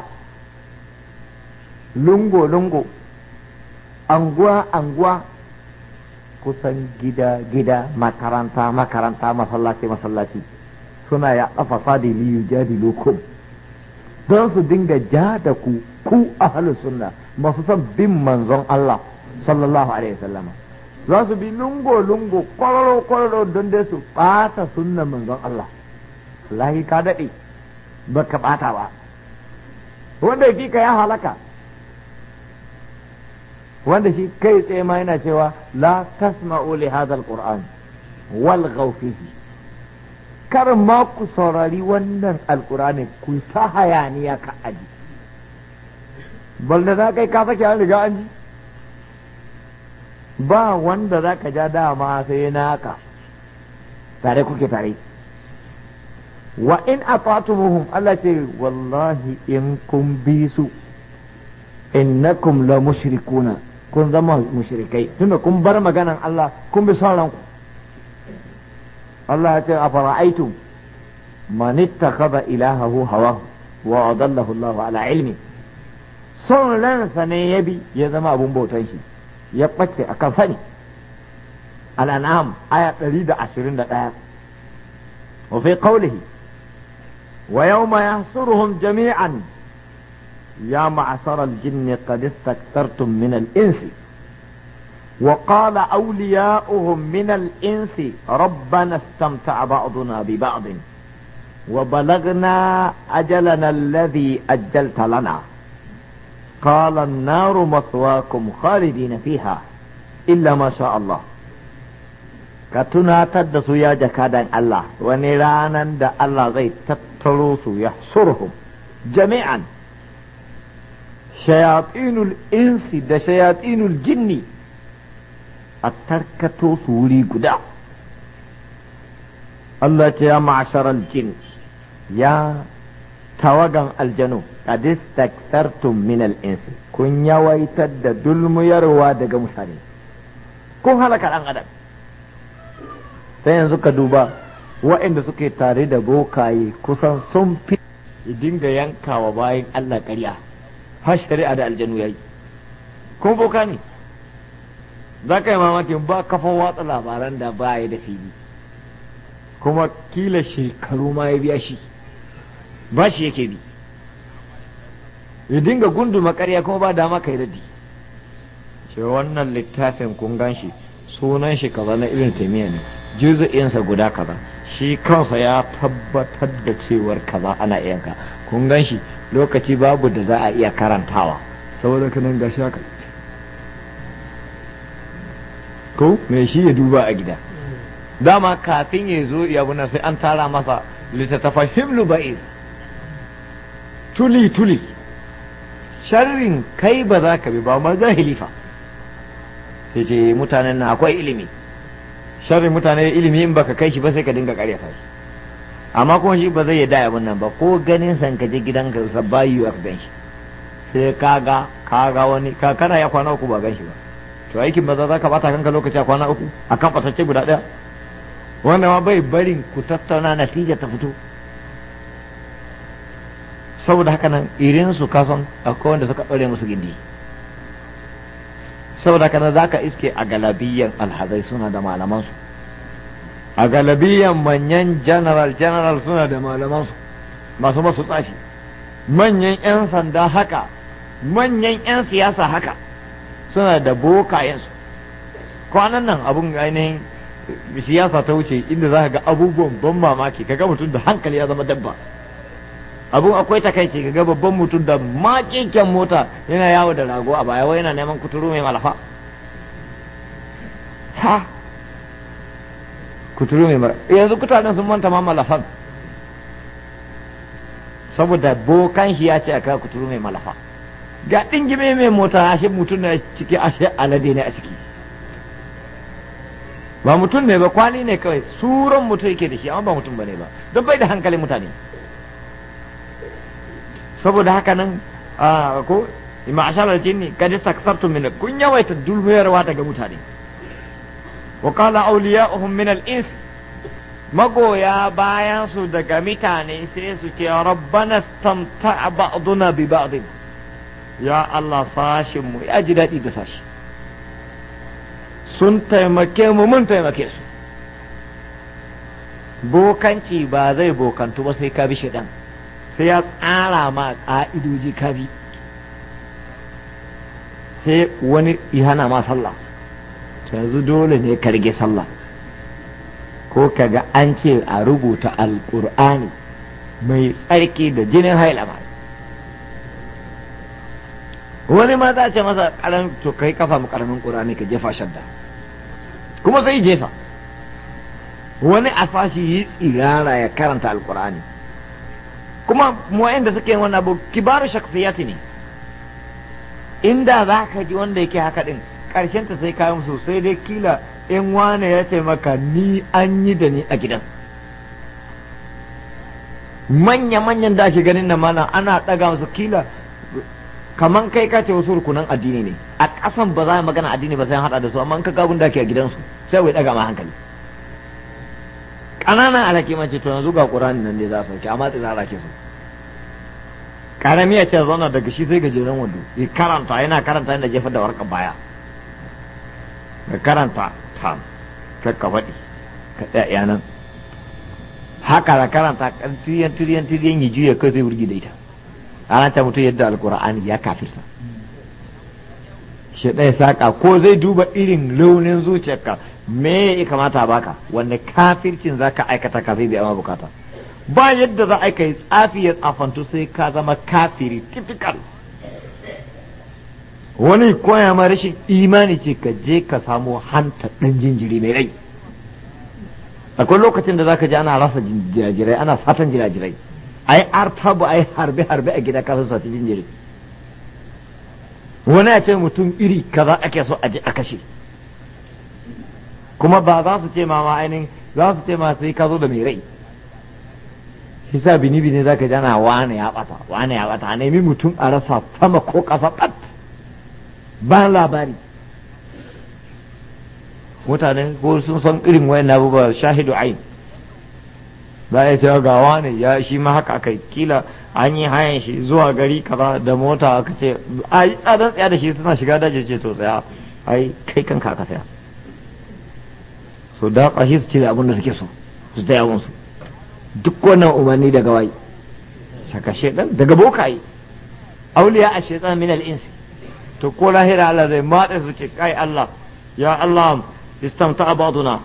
lungo-lungo anguwa-anguwa kusan gida-gida makaranta-makaranta masallaci-masallaci suna ya ƙafa fadili yujadilukum don su dinga ja da ku ku ahlus sunna masu son bin manzon Allah sallallahu alaihi wasallama za su bi lungo lungo kwararo kwararo don dai su bata sunna manzon Allah lahi ka dade baka bata ba wanda ka ya halaka wanda shi kai tsaye ma yana cewa la tasma'u li hadha alquran wal ghawfihi kar ma ku saurari wannan alkurani ku ta hayaniya ka aji balda za kai ka sake an riga an ji ba wanda za ka ja dama sai naka tare kuke tare wa in atatumuhum Allah ce wallahi in kun bi su innakum la mushrikuna kun zama mushrikai tunda kun bar maganan Allah kun bi son ranku Allah ya ce a fara'aitum man ittakhadha ilahahu hawahu wa adallahu Allah ala ilmi son ransa ne ya bi ya zama abun bautan shi ya bace akan sani al-an'am aya 121 wa fi qawlihi wa yawma yahsuruhum jami'an ya ma'asarar al-jinni qad istaktartum min insi وقال أولياؤهم من الإنس ربنا استمتع بعضنا ببعض وبلغنا أجلنا الذي أجلت لنا قال النار مثواكم خالدين فيها إلا ما شاء الله ka tunatar da su ya jakadan Allah wani ranan da Allah zai tattaro su ya surhum jami'an shayatinul insi da shayatinul jinni a tarkato su wuri guda Allah ce ya ma'asharar jin ya tawagan aljanu a distaktartum min insu kun yawaitar da dulmuyarwa daga mutane kun halaka ɗan adam sai yanzu ka duba waɗanda suke tare da bokaye kusan sun fi dinga yankawa bayan Allah ƙarya har shari'a da aljanu yi kun boka ne za ka yi mamakin ba kafa watsa labaran da ba ya da fili kuma kila shekaru ma ya biya shi ba shi yake bi ya dinga gundu karya kuma ba dama kai daddi. ce wannan littafin kun gan shi sunan shi kaza na irin taimiyya ne juzu'insa guda kaza shi kansa ya tabbatar da cewar kaza ana iyanka kun gan shi lokaci babu da za a iya karantawa saboda kanan gashi haka ko mai shi ya duba a gida dama kafin ya zo ya buna sai an tara masa littattafan himlu ba'ir tuli tuli sharrin kai ba za ka bi ba ma za hilifa. sai ce mutanen na akwai ilimi sharrin mutane ilimi in baka kai shi ba sai ka dinga karyata shi amma kuma shi ba zai yadda abin nan ba ko ganin san ka je gidanka sa bayu a gan shi sai kaga kaga wani kakana ya kwana uku ba gan shi ba to aikin maza za ka bata kanka lokaci a kwana uku a kan fatacce guda ɗaya wanda ma bai barin ku tattauna natija ta fito saboda haka nan irin su kasan akwai wanda suka ɗore musu gindi saboda haka nan za ka iske a galabiyan alhazai suna da malamansu a galabiyan manyan general general suna da malamansu masu masu tsashi manyan 'yan sanda haka manyan 'yan siyasa haka suna da bokayensu kwanan nan abun ainihin siyasa ta wuce inda za ka ga abubuwan ban mamaki kaga mutum da hankali ya zama dabba abun akwai takaici kaga babban mutum da makinken mota yana yawo da rago a baya wai yana neman kuturu mai malafa ha kuturu mai malafa yanzu kutanen sun manta ma malafan saboda bokan shi ya ce a kuturu mai malafa ga gime mai mota ashe mutum ne ciki ashe alade ne a ciki ba mutum ne ba kwali ne kawai suran mutum yake da shi amma ba mutum ba ne ba don bai da hankalin mutane saboda haka nan ko ma'ashar aljinni kad istakthartum min kun yawaita dulmiyarwa daga mutane wa qala awliya'uhum minal al-ins magoya bayansu su daga mutane sai su ce rabbana a ba'aduna bi ba'din ya Allah sashinmu ya ji daɗi da sashi sun taimake mu mun taimake su bokanci ba zai bokantu ba sai ka bi shi sai ya tsara ma ƙa'idoji ka bi sai wani hana ma sallah yanzu dole ne ka rige sallah ko kaga an ce a rubuta alƙur'ani mai tsarki da jinin hailama wani ma za a ce masa karan to kai kafa mu karamin qur'ani ka jefa shadda kuma sai jefa wani a fashi yi tsirara ya karanta alqur'ani kuma muwayen da suke wannan abu kibaru shakhsiyati ne inda za ka ji wanda yake haka din karshen ta sai kayan su sai dai kila in wane ya ce maka ni an yi da ni a gidan manya-manyan da ake ganin na mana ana daga musu kila kaman kai ka ce wasu rukunan addini ne a ƙasan ba za a magana addini ba sai haɗa da su amma in ka ga abin da ke a gidansu sai wai ɗaga ma hankali ƙananan alaki man ce to yanzu ga qur'ani nan ne za su ke amma a rake su karami ya ce zauna daga shi sai gajeren wando ya karanta yana karanta yana jefar da warkar baya ka karanta ta ka ka faɗi ka tsaya nan haka da karanta tiriyan tiriyan tiriyan ya juya kai zai wurgi da ita ranta mutum yadda alkur'ani ya kafirta shi ɗaya saƙa ko zai duba irin launin zuciyarka me ya kamata baka wanne kafircin za ka aikata ka zai biya bukata ba yadda za a yi tsafi ya tsafantu sai ka zama kafiri typical wani koya ma rashin imani ce ka je ka samo hanta ɗan jinjiri mai rai akwai lokacin da za ka je ana rasa jirajirai ana satan jirajirai ai bu ai harbe harbe a gida kafin su jinjiri wani ya ce mutum iri kaza ake so a a kashe kuma ba za su ce ma ma ainihin za su ce ma sai ka zo da mai rai shi bini bini zaka ji ana wane ya bata wane ya bata nemi mutum a rasa sama ko kasa bat ba labari mutane ko sun san irin wayan abubuwa shahidu ain za a cewa ga wani ya shi ma haka aka kila an yi hayan shi zuwa gari kaza da mota aka ce a tsadan tsaya da shi suna shiga daji ce to tsaya ai kai kan aka tsaya so da tsashi su cire abin da suke so su tsaya su duk wannan umarni daga wai saka shedan daga bokaye auliya a shedan min al-insi to ko lahira Allah zai matsa su ce kai Allah ya Allah istamta abaduna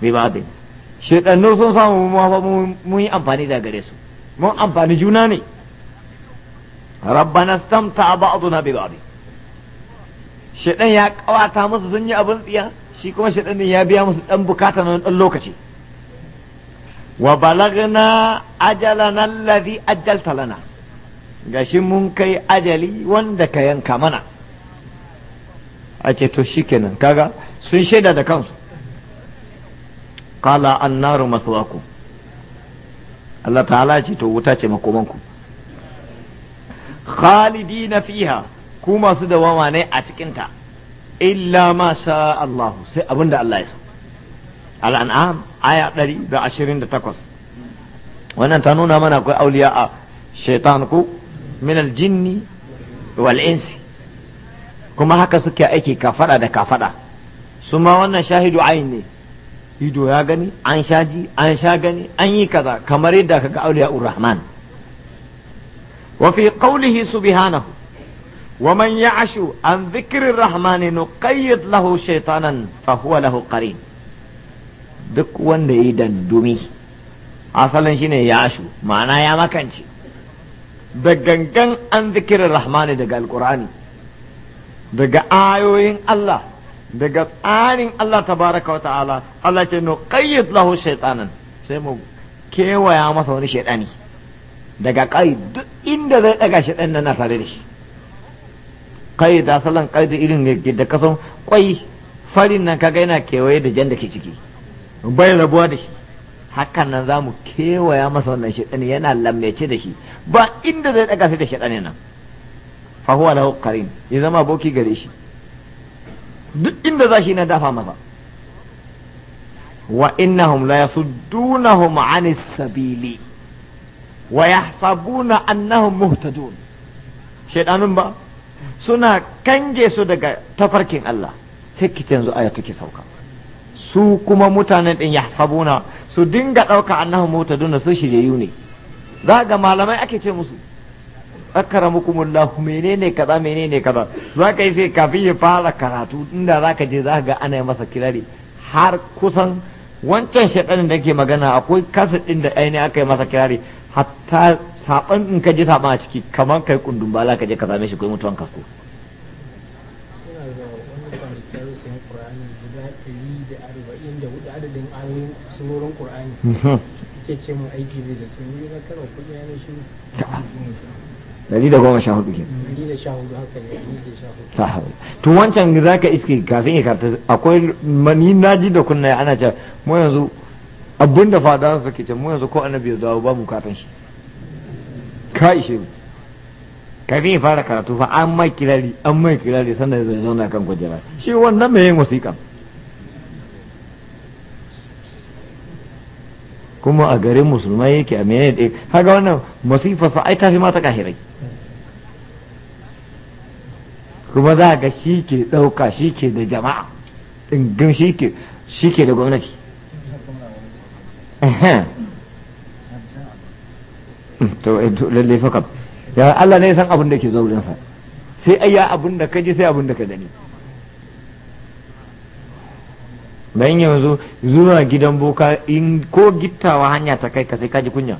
bi ba'din shedannu sun samu mun yi amfani da gare su mun amfani juna ne rabbana stamta ba'duna bi ba'd shedan ya kawata musu sun yi abin tsiya shi kuma shedan ya biya musu dan bukata na dan lokaci wa balagna ajalana allazi ajjalta lana gashi mun kai ajali wanda ka yanka mana a ce to shikenan kaga sun shaida da kansu qala annaru maswaakum Allah ta'ala ce to wuta ce makomanku khalidina fiha ku masu dawama ne a cikinta illa ma sha Allah sai abinda Allah ya so anam aya 128 wannan ta nuna mana akwai auliya a shaitan ku min aljinni wal insi kuma haka suke aiki kafada da kafada su ma wannan shahidu ayin ne ido ya gani an sha ji an sha gani an yi kaza kamar yadda kaga auliya urrahman wa fi qawlihi subhanahu wa man ya'shu an dhikri rahman nuqayyid lahu shaytanan fa huwa lahu qarin duk wanda yi dandumi asalin shine ya'shu ma'ana ya makance da gangan an zikirin rahmani daga alkur'ani daga ayoyin Allah daga tsarin Allah Ta baraka wa ta'ala Allah ce no qayyid lahu shaytanan sai mu kewaya masa wani shaydani daga qayyid duk inda zai daga shi nan tare da shi salon asalan qayyid irin da kasan kwai farin nan kaga yana kewaye da jan da ke ciki bai rabuwa da shi hakan nan za mu kewaya masa wannan shaydani yana lammace da shi ba inda zai daga shi da shaydanin nan fa huwa lahu ya zama boki gare shi duk inda za shi na dafa masa wa innahum la yasuddunahum anis sabili wa yahsabuna annahum muhtadun shaidanun ba suna kange su daga tafarkin Allah sai yanzu aya take sauka su kuma mutanen din yahsabuna su dinga dauka annahum muhtadun su shiryayu ne za ga malamai ake ce musu akramukumullahu menene kaza menene kaza zaka yi sai kafin ya fara karatu inda zaka je zaka ga ana masa kirari har kusan wancan shekarun da ke magana akwai kasa din da aini aka yi masa kirari hatta saban in ka je saban a ciki kamar kai kundun bala ka je ka same shi kai mutuwan kasko mhm. Ke ce mu aiki bai da sun yi zakarar kuɗi ya ne shi. dari da goma sha hudu ke to wancan za ka iske kafin ya karta akwai mani na ji da kunna ana ce mu yanzu abin da fada su ke ce mu yanzu ko annabi ya dawo babu katon shi ka ishe mu kafin ya fara karatu fa an mai kirari an mai kirari sannan zai zauna kan kujera shi wannan mai yin wasiƙan kuma a garin musulmai yake a menene ɗaya kaga wannan masifar sa ai tafi mata kahirai kuma za ga shi ke ɗauka shi ke da jama'a ɗin shi ke shi ke da gwamnati hmm, eh, to lallai fakat ya Allah ne san abin da ke zaurinsa sai ai ya abin da ka ji sai abin da ka gani dan yanzu zuwa gidan boka in ko gittawa hanya ta kai ka sai ka ji kunya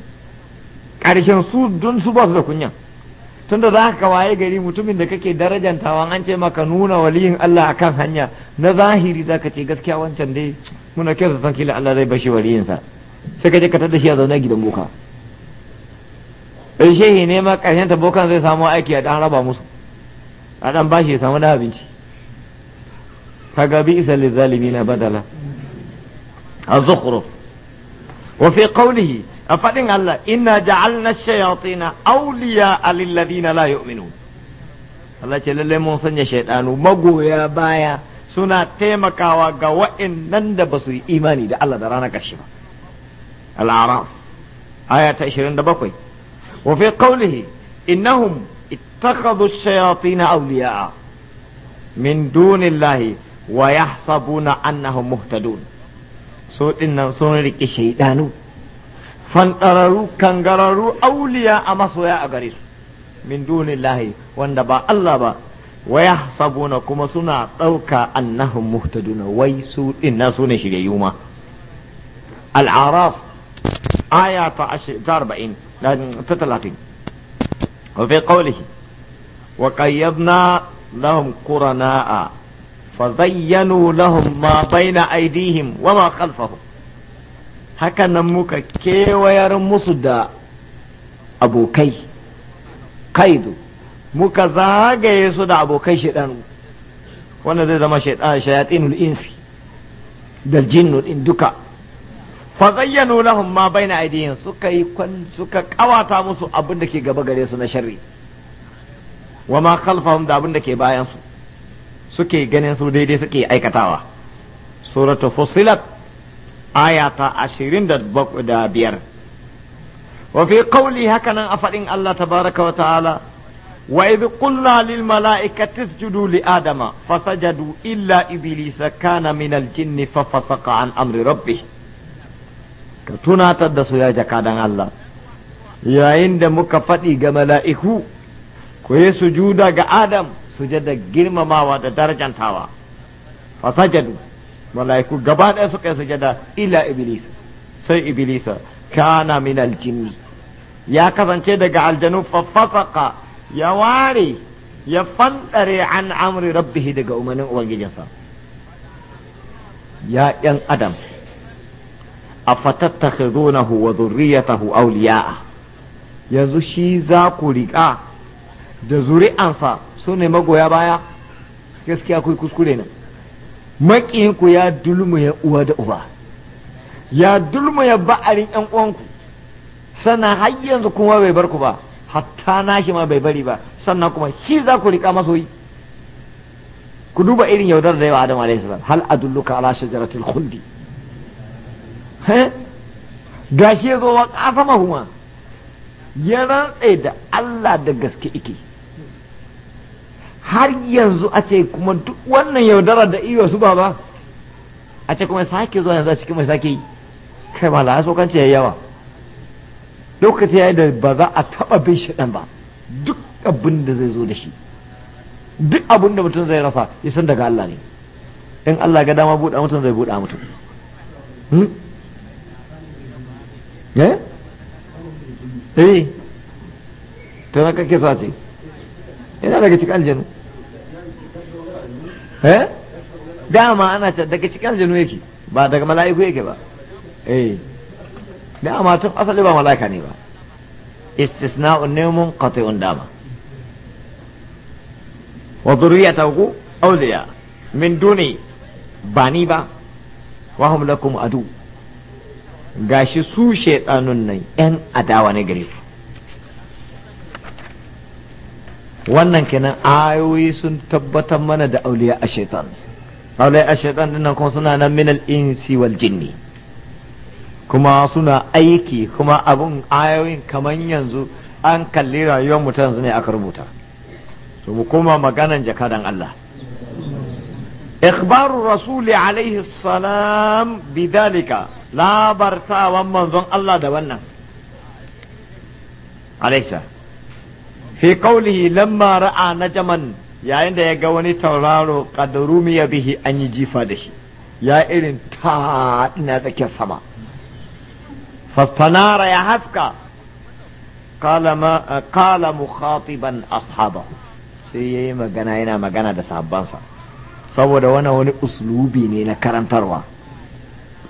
ƙarshen su don su ba su da kunya tunda za ka waye gari mutumin da kake darajantawa an ce maka nuna waliyin Allah akan hanya na zahiri za ka ce gaskiya wancan dai muna kyautar san kila Allah zai bashi waliyinsa sai ka je ka tada shi a zaune gidan boka shehi ne ma ƙarshen ta bokan zai samu aiki a ɗan raba musu a ɗan bashi ya samu na abinci فكبئس للظالمين بدلا الزخرف وفي قوله أفلن الله إنا جعلنا الشياطين أولياء للذين لا يؤمنون الله جل الله من صنع شيطان مقو يا بايا سنا تيمكا وقا وإن نند بصري إيماني دا الله درانا كشفا الأعراف آية 20 بقوي وفي قوله إنهم اتخذوا الشياطين أولياء من دون الله ويحسبون أنهم مهتدون سوء إن سنرك شيطان فانقرروا كانقرروا أولياء مصويا أقريس من دون الله واندبا الله ويحسبون كما سنا طوكا أنهم مهتدون ويسوء إن سنشي يوما العراف آية 40 نعم، تتلاتين وفي قوله وقيضنا لهم قرناء fazayyanu lahum ma baina aidihim wa ma khalfahum hakan nan muka kewayar musu da abokai kaidu muka zagaye su da abokai shaidanu wanda zai zama shayatinul insi da jinnu din duka fazayyanu lahum ma baina aydihim suka yi suka kawata musu abin da ke gaba gare su na sharri wa ma khalfahum da abin da ke bayan su suke ganin su daidai suke aikatawa suratu fusilat Ayata ta ashirin da biyar wa fi qawli hakanan a faɗin Allah tabaraka wa ta'ala wa idh qulna lil mala'ikati isjudu li adama fasajadu illa iblisa kana min al jinni fa fasaqa an amri Rabbi. ka tunatar da su ya jaka dan Allah yayin da muka faɗi ga mala'iku ku yi sujuda ga Adam sujada girmamawa da darajantawa fa sajadu mala'iku gaba ɗaya suka yi sujada ila iblis sai iblis kana min aljinni ya kasance daga aljanu fa ya ware ya fandare an amri rabbihi daga umarnin ubangijinsa ya yan adam afatattakhidunahu wa dhurriyyatahu awliya'a yanzu shi za ku riƙa da zuri'ansa su ne magoya baya gaskiya ku kuskure nan maƙiyinku ya dulmuya uwa da uba ya dulmuya ba'arin yan uwanku sannan har yanzu kuma bai bar ku ba hatta nashi ma bai bari ba sannan kuma shi za ku riƙa masoyi ku duba irin yaudar da yawa Adam alaihi salam hal adulluka ala shajaratil khuldi gashi yazo wa mahuma ya rantse da Allah da gaske ike har yanzu a ce kuma duk wannan yaudara da iya su baba a ce kuma sake zuwa yanzu a cikin mai sake yi kai ma la kan ce yawa lokaci yayi da ba za a taba bin shi ba duk abin da zai zo da shi duk abin da mutum zai rasa ya san daga Allah ne in Allah ga dama buɗa mutum zai buɗa mutum hmm? eh eh to na kake sace ina daga cikin aljanu eh dama ana ce daga cikin aljanu yake ba daga mala'iku yake ba eh dama tun asali ba mala'ika ne ba istisna'un neman mun qati'un dama wa dhurriyatahu awliya min duni bani ba wa hum lakum adu gashi su shaytanun nan yan adawa ne gare ku wannan kenan ayoyi sun tabbatar mana da auliya a shaitan auliya a shaitan dinnan kuma suna nan minal insi wal jinni kuma suna aiki kuma abun ayoyin kamar yanzu an kalli rayuwar mu yanzu ne aka rubuta to mu koma maganan jakadan Allah ikhbaru rasuli alaihi salam bidalika wa manzon Allah da wannan alaisa fi kaulihi lamma ra'a najaman yayin da ya ga wani tauraro qadaru ya bihi an yi jifa da shi ya irin ta ina tsakiyar sama fastanara ya haska kala mukhatiban ashaba sai yayi magana yana magana da sahabbansa saboda wani wani uslubi ne na karantarwa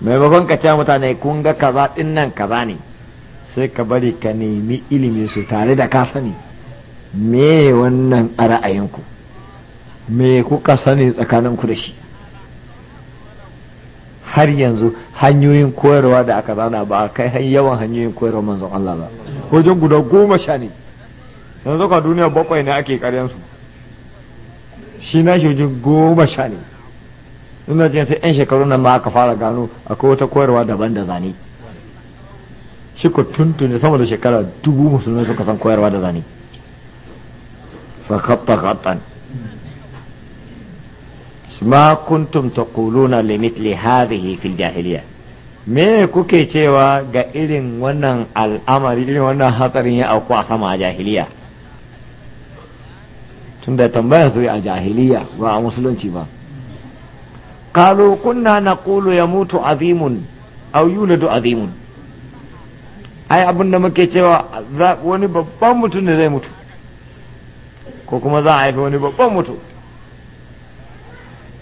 maimakon ka ce mutane kun ga kaza ɗin nan kaza ne sai ka bari ka nemi ilimin su tare da ka sani me wannan a ra'ayinku me kuka sani tsakaninku da shi har yanzu hanyoyin koyarwa da aka zana ba a kai yawan hanyoyin koyarwa manzon Allah ba wajen guda goma sha ne yanzu ka duniya bakwai ne ake karyansu shi na shi wajen goma sha ne ina jin sai 'yan shekaru nan ma aka fara gano akwai wata koyarwa daban da zane shi ko tuntuni sama da shekara dubu musulmai suka san koyarwa da zane فخط خطا ما كنتم تقولون لمثل هذه في الجاهليه me kuke cewa ga irin wannan al'amari irin wannan hatsarin ya auku a sama a jahiliya tunda tambaya su a jahiliya ba a musulunci ba Kalu kunna na ya mutu azimun aw yuladu azimun ai abin da muke cewa wani babban mutum ne zai mutu ko kuma za a haifi wani babban mutum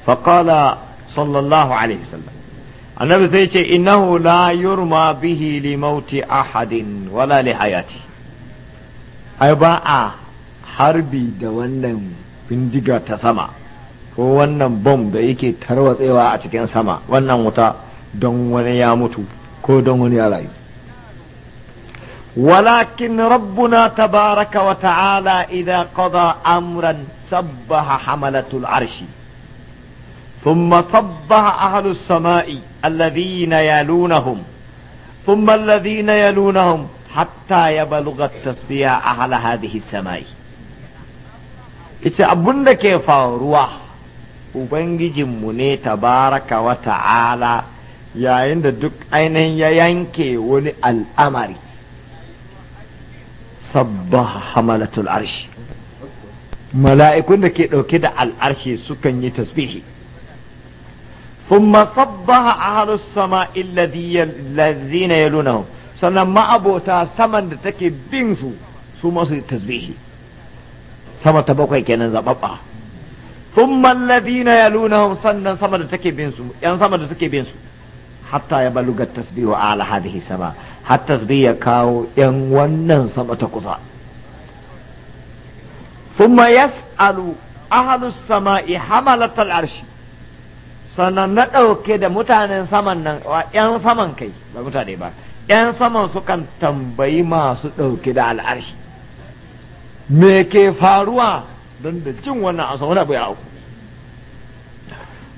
faƙala sallallahu alaihi sallam annabi sai ce innahu la yurma bihi li mauti ahadin wala li hayati ai ba a harbi da wannan bindiga ta sama ko wannan bom da yake tarwatsewa a cikin sama wannan wuta don wani ya mutu ko don wani ya rayu ولكن ربنا تبارك وتعالى إذا قضى أمرا صبح حملة العرش ثم صبح أهل السماء الذين يلونهم ثم الذين يلونهم حتى يبلغ التصبيح أهل هذه السماء ita أبنك فاروح ke faruwa ubangijinmu ne tabaraka wa ta'ala yayin da duk ainihin ya yanke wani al'amari sabbaha hamalatul arshi mala'ikun da ke ɗauke da al'arshi sukan yi tasbihi thumma sabbaha ahlus sama'i alladhina yalunahu sannan ma'abota saman da take bin su su masu tasbihi sama ta bakwai kenan zababba thumma alladhina yalunahu, sannan sama da take bin su yan sama da take bin su hatta ya baluga tasbihu ala hadhihi sama' har tasbih ya kawo ‘yan wannan sama ta kusa thumma yas'alu sama sama'i hamalatal al’arshi, sannan na ɗauke da mutanen saman nan ‘yan saman kai ba mutane ba ‘yan saman sukan tambayi masu ɗauke da al'arshi me ke faruwa don da jin wannan a sauna bai auku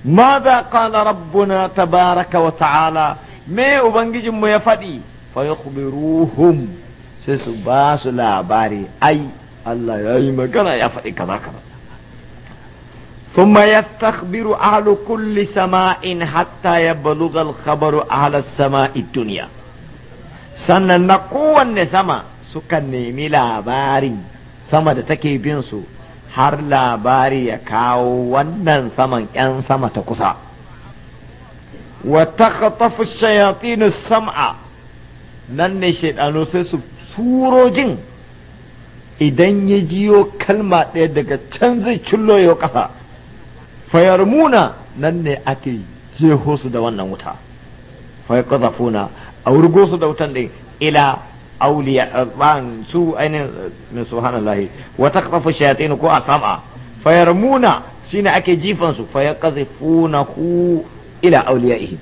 ماذا قال ربنا تبارك وتعالى me ubangijinmu ya faɗi فيخبروهم سيسباس لا باري أي الله يعني ما كان يفعل إيه كذا كذا ثم يستخبر أهل كل سماء حتى يبلغ الخبر أهل السماء الدنيا سنة نقوى النسماء سكن ملا باري سما تكي بينسو har labari ya kawo wannan saman ƴan sama ta kusa wa ta shayatinu sam'a nan ne shaidano sai su surojin jin idan ya jiyo kalma ɗaya daga can zai cullo yau ƙasa muna nan ne ake jeho su da wannan wuta Fayar funa a wurgo su da wutan ɗin ila auliya ban su ainihin min eh, subhanallahi wa taqtafu shayatin ko a sama. fayar muna shine ake jifan su ku ila auliya'ihim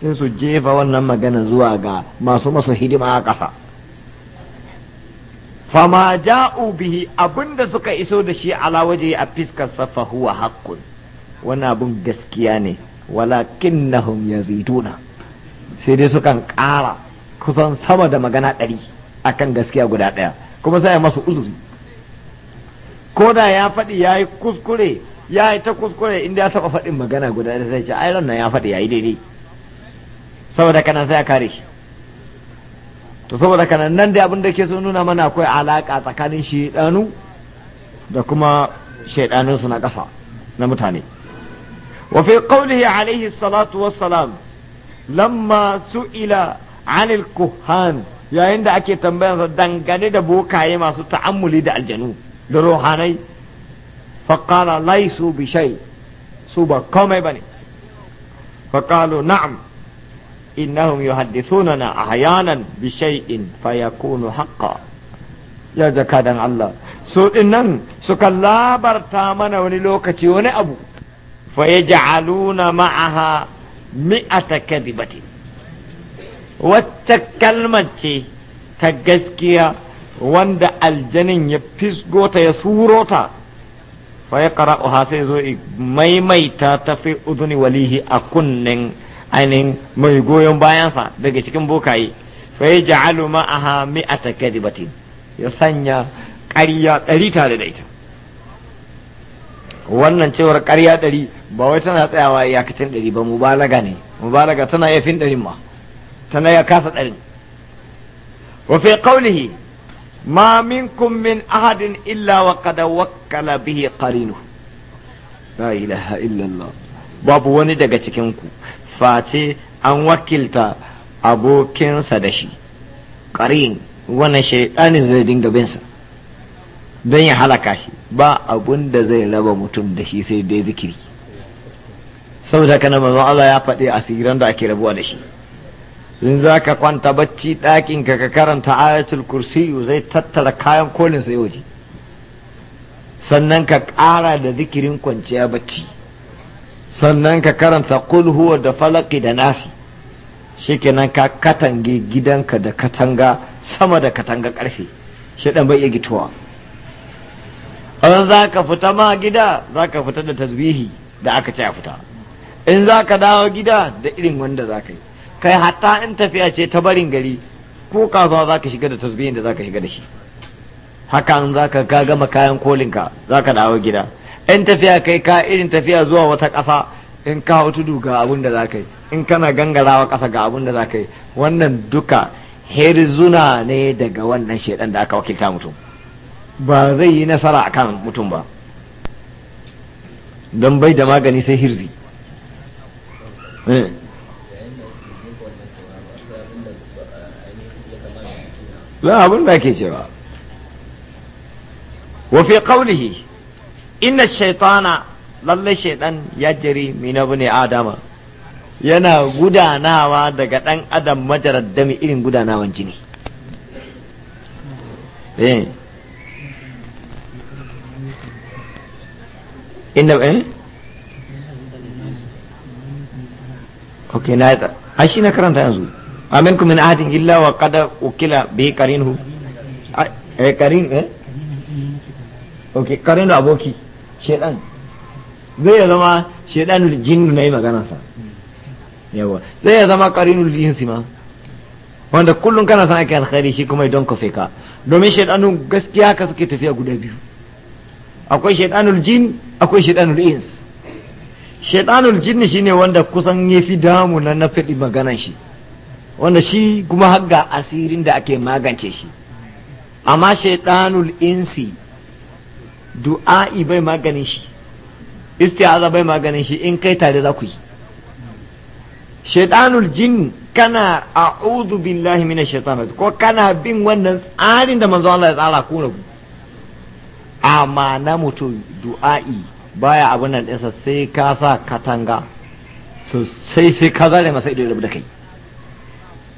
sai su jefa wannan magana zuwa ga masu masu hidima a ƙasa fama ja'u bihi abinda suka iso da shi ala waje a fiskar safa huwa haƙƙun. Wani abin gaskiya ne ya yaziduna sai dai sukan ƙara kusan sama da magana ɗari a kan gaskiya guda ɗaya kuma sai masu uzuri ko da ya faɗi ya yi kuskure ya yi ta kuskure inda ya taɓa faɗin magana guda ɗaya sai ce ai ran ya faɗi ya yi daidai saboda kana sai a kare shi to saboda kana nan da abin ke so nuna mana akwai alaka tsakanin shaidanu da kuma shaidanun su na ƙasa na mutane wa fi qawlihi alayhi salatu wassalam lamma su'ila 'anil kuhan yayin da ake sa dangane da bokaye masu ta'ammuli da aljanu da ruhanai faqala laisu bi shay su ba komai bane faqalu na'am innahum yuhaddithunana ahyanan bi shay'in fayakunu haqqan ya dan Allah so inan suka labarta mana wani lokaci wani abu fayaj'aluna ma'aha mi'ata kadibati wacce kalmar ce ta gaskiya wanda aljanin ya fisgo ta ya suro ta ohasai ya maimaita ta fi udhni walihi a kunnen. ainihin mai goyon bayansa daga cikin bokaye fa ya ja'alu ma'aha mi'ata kadibatin ya sanya ƙarya ɗari tare da ita wannan cewar ƙarya ɗari ba wai tana tsayawa iyakacin ɗari ba mubalaga ne mubalaga tana iya fin ɗarin ma tana ya kasa ɗarin wa fi qawlihi ma minkum min ahadin illa wa qad wakkala bihi qarinu la ilaha babu wani daga cikin ku face an wakilta abokinsa da shi ƙarin wani shaidanin zai dinga binsa don ya halaka shi ba abun da zai raba mutum da shi sai dai zikiri saboda kana mazan Allah ya faɗi asiran da ake rabuwa da shi in za ka kwanta bacci ɗakin ka ka karanta ayatul kursiyu zai tattara kayan kolinsa sai waje sannan ka ƙara da zikirin kwanciya bacci sannan ka karanta kul huwa da falaki da nasi shikenan ka katange gidanka da katanga sama da katanga karfe shi dan bai iya gitowa an za ka fita ma gida za ka fita da tasbihi da aka ce a fita in za ka dawo gida da irin wanda za ka yi kai hatta in tafiya ce ta barin gari ko kasuwa za ka shiga da tasbihin da za ka shiga da shi haka in za ka gama kayan kolinka za ka dawo gida in tafiya kai ka irin tafiya zuwa wata ƙasa in ka hau tudu ga abin da za ka yi in kana gangarawa ƙasa ga abin da za ka yi wannan duka herzuna ne daga wannan shaidan da aka wakilta mutum ba zai yi nasara a kan mutum ba don bai da magani sai hirzi eh. abin da ke cewa wa fi inna shaitana lalle shaitan ya jiri mina ibn adama yana gudanawa daga dan adam majarar dami irin gudanawan jini eh. inda ba eh ok na ta ashi na karanta yanzu Amin kuma min ahadin illa wa qad ukila bi qarinhu eh karin eh okay qarin aboki shedan zai zama shedanul jinnu na yi maganarsa yawa zai zama karinul jinsi ma wanda kullum kana san ake alkhairi shi kuma idan kofe ka domin shedanu gaskiya ka suke tafiya guda biyu akwai shedanul jin akwai shedanul ins shedanul jin shine wanda kusan ya fi damu na na faɗi maganan shi wanda shi kuma har asirin da ake magance shi amma shedanul insi du'a'i bai maganin shi isti'aza bai maganin shi in kai tare za ku yi shaitanul jin kana a'udhu billahi minash shaitani ko kana bin wannan tsarin da manzo Allah ya tsara ku na amma na mutum du'a'i baya abin nan ɗinsa sai ka sa katanga sosai sai ka zare masa ido da kai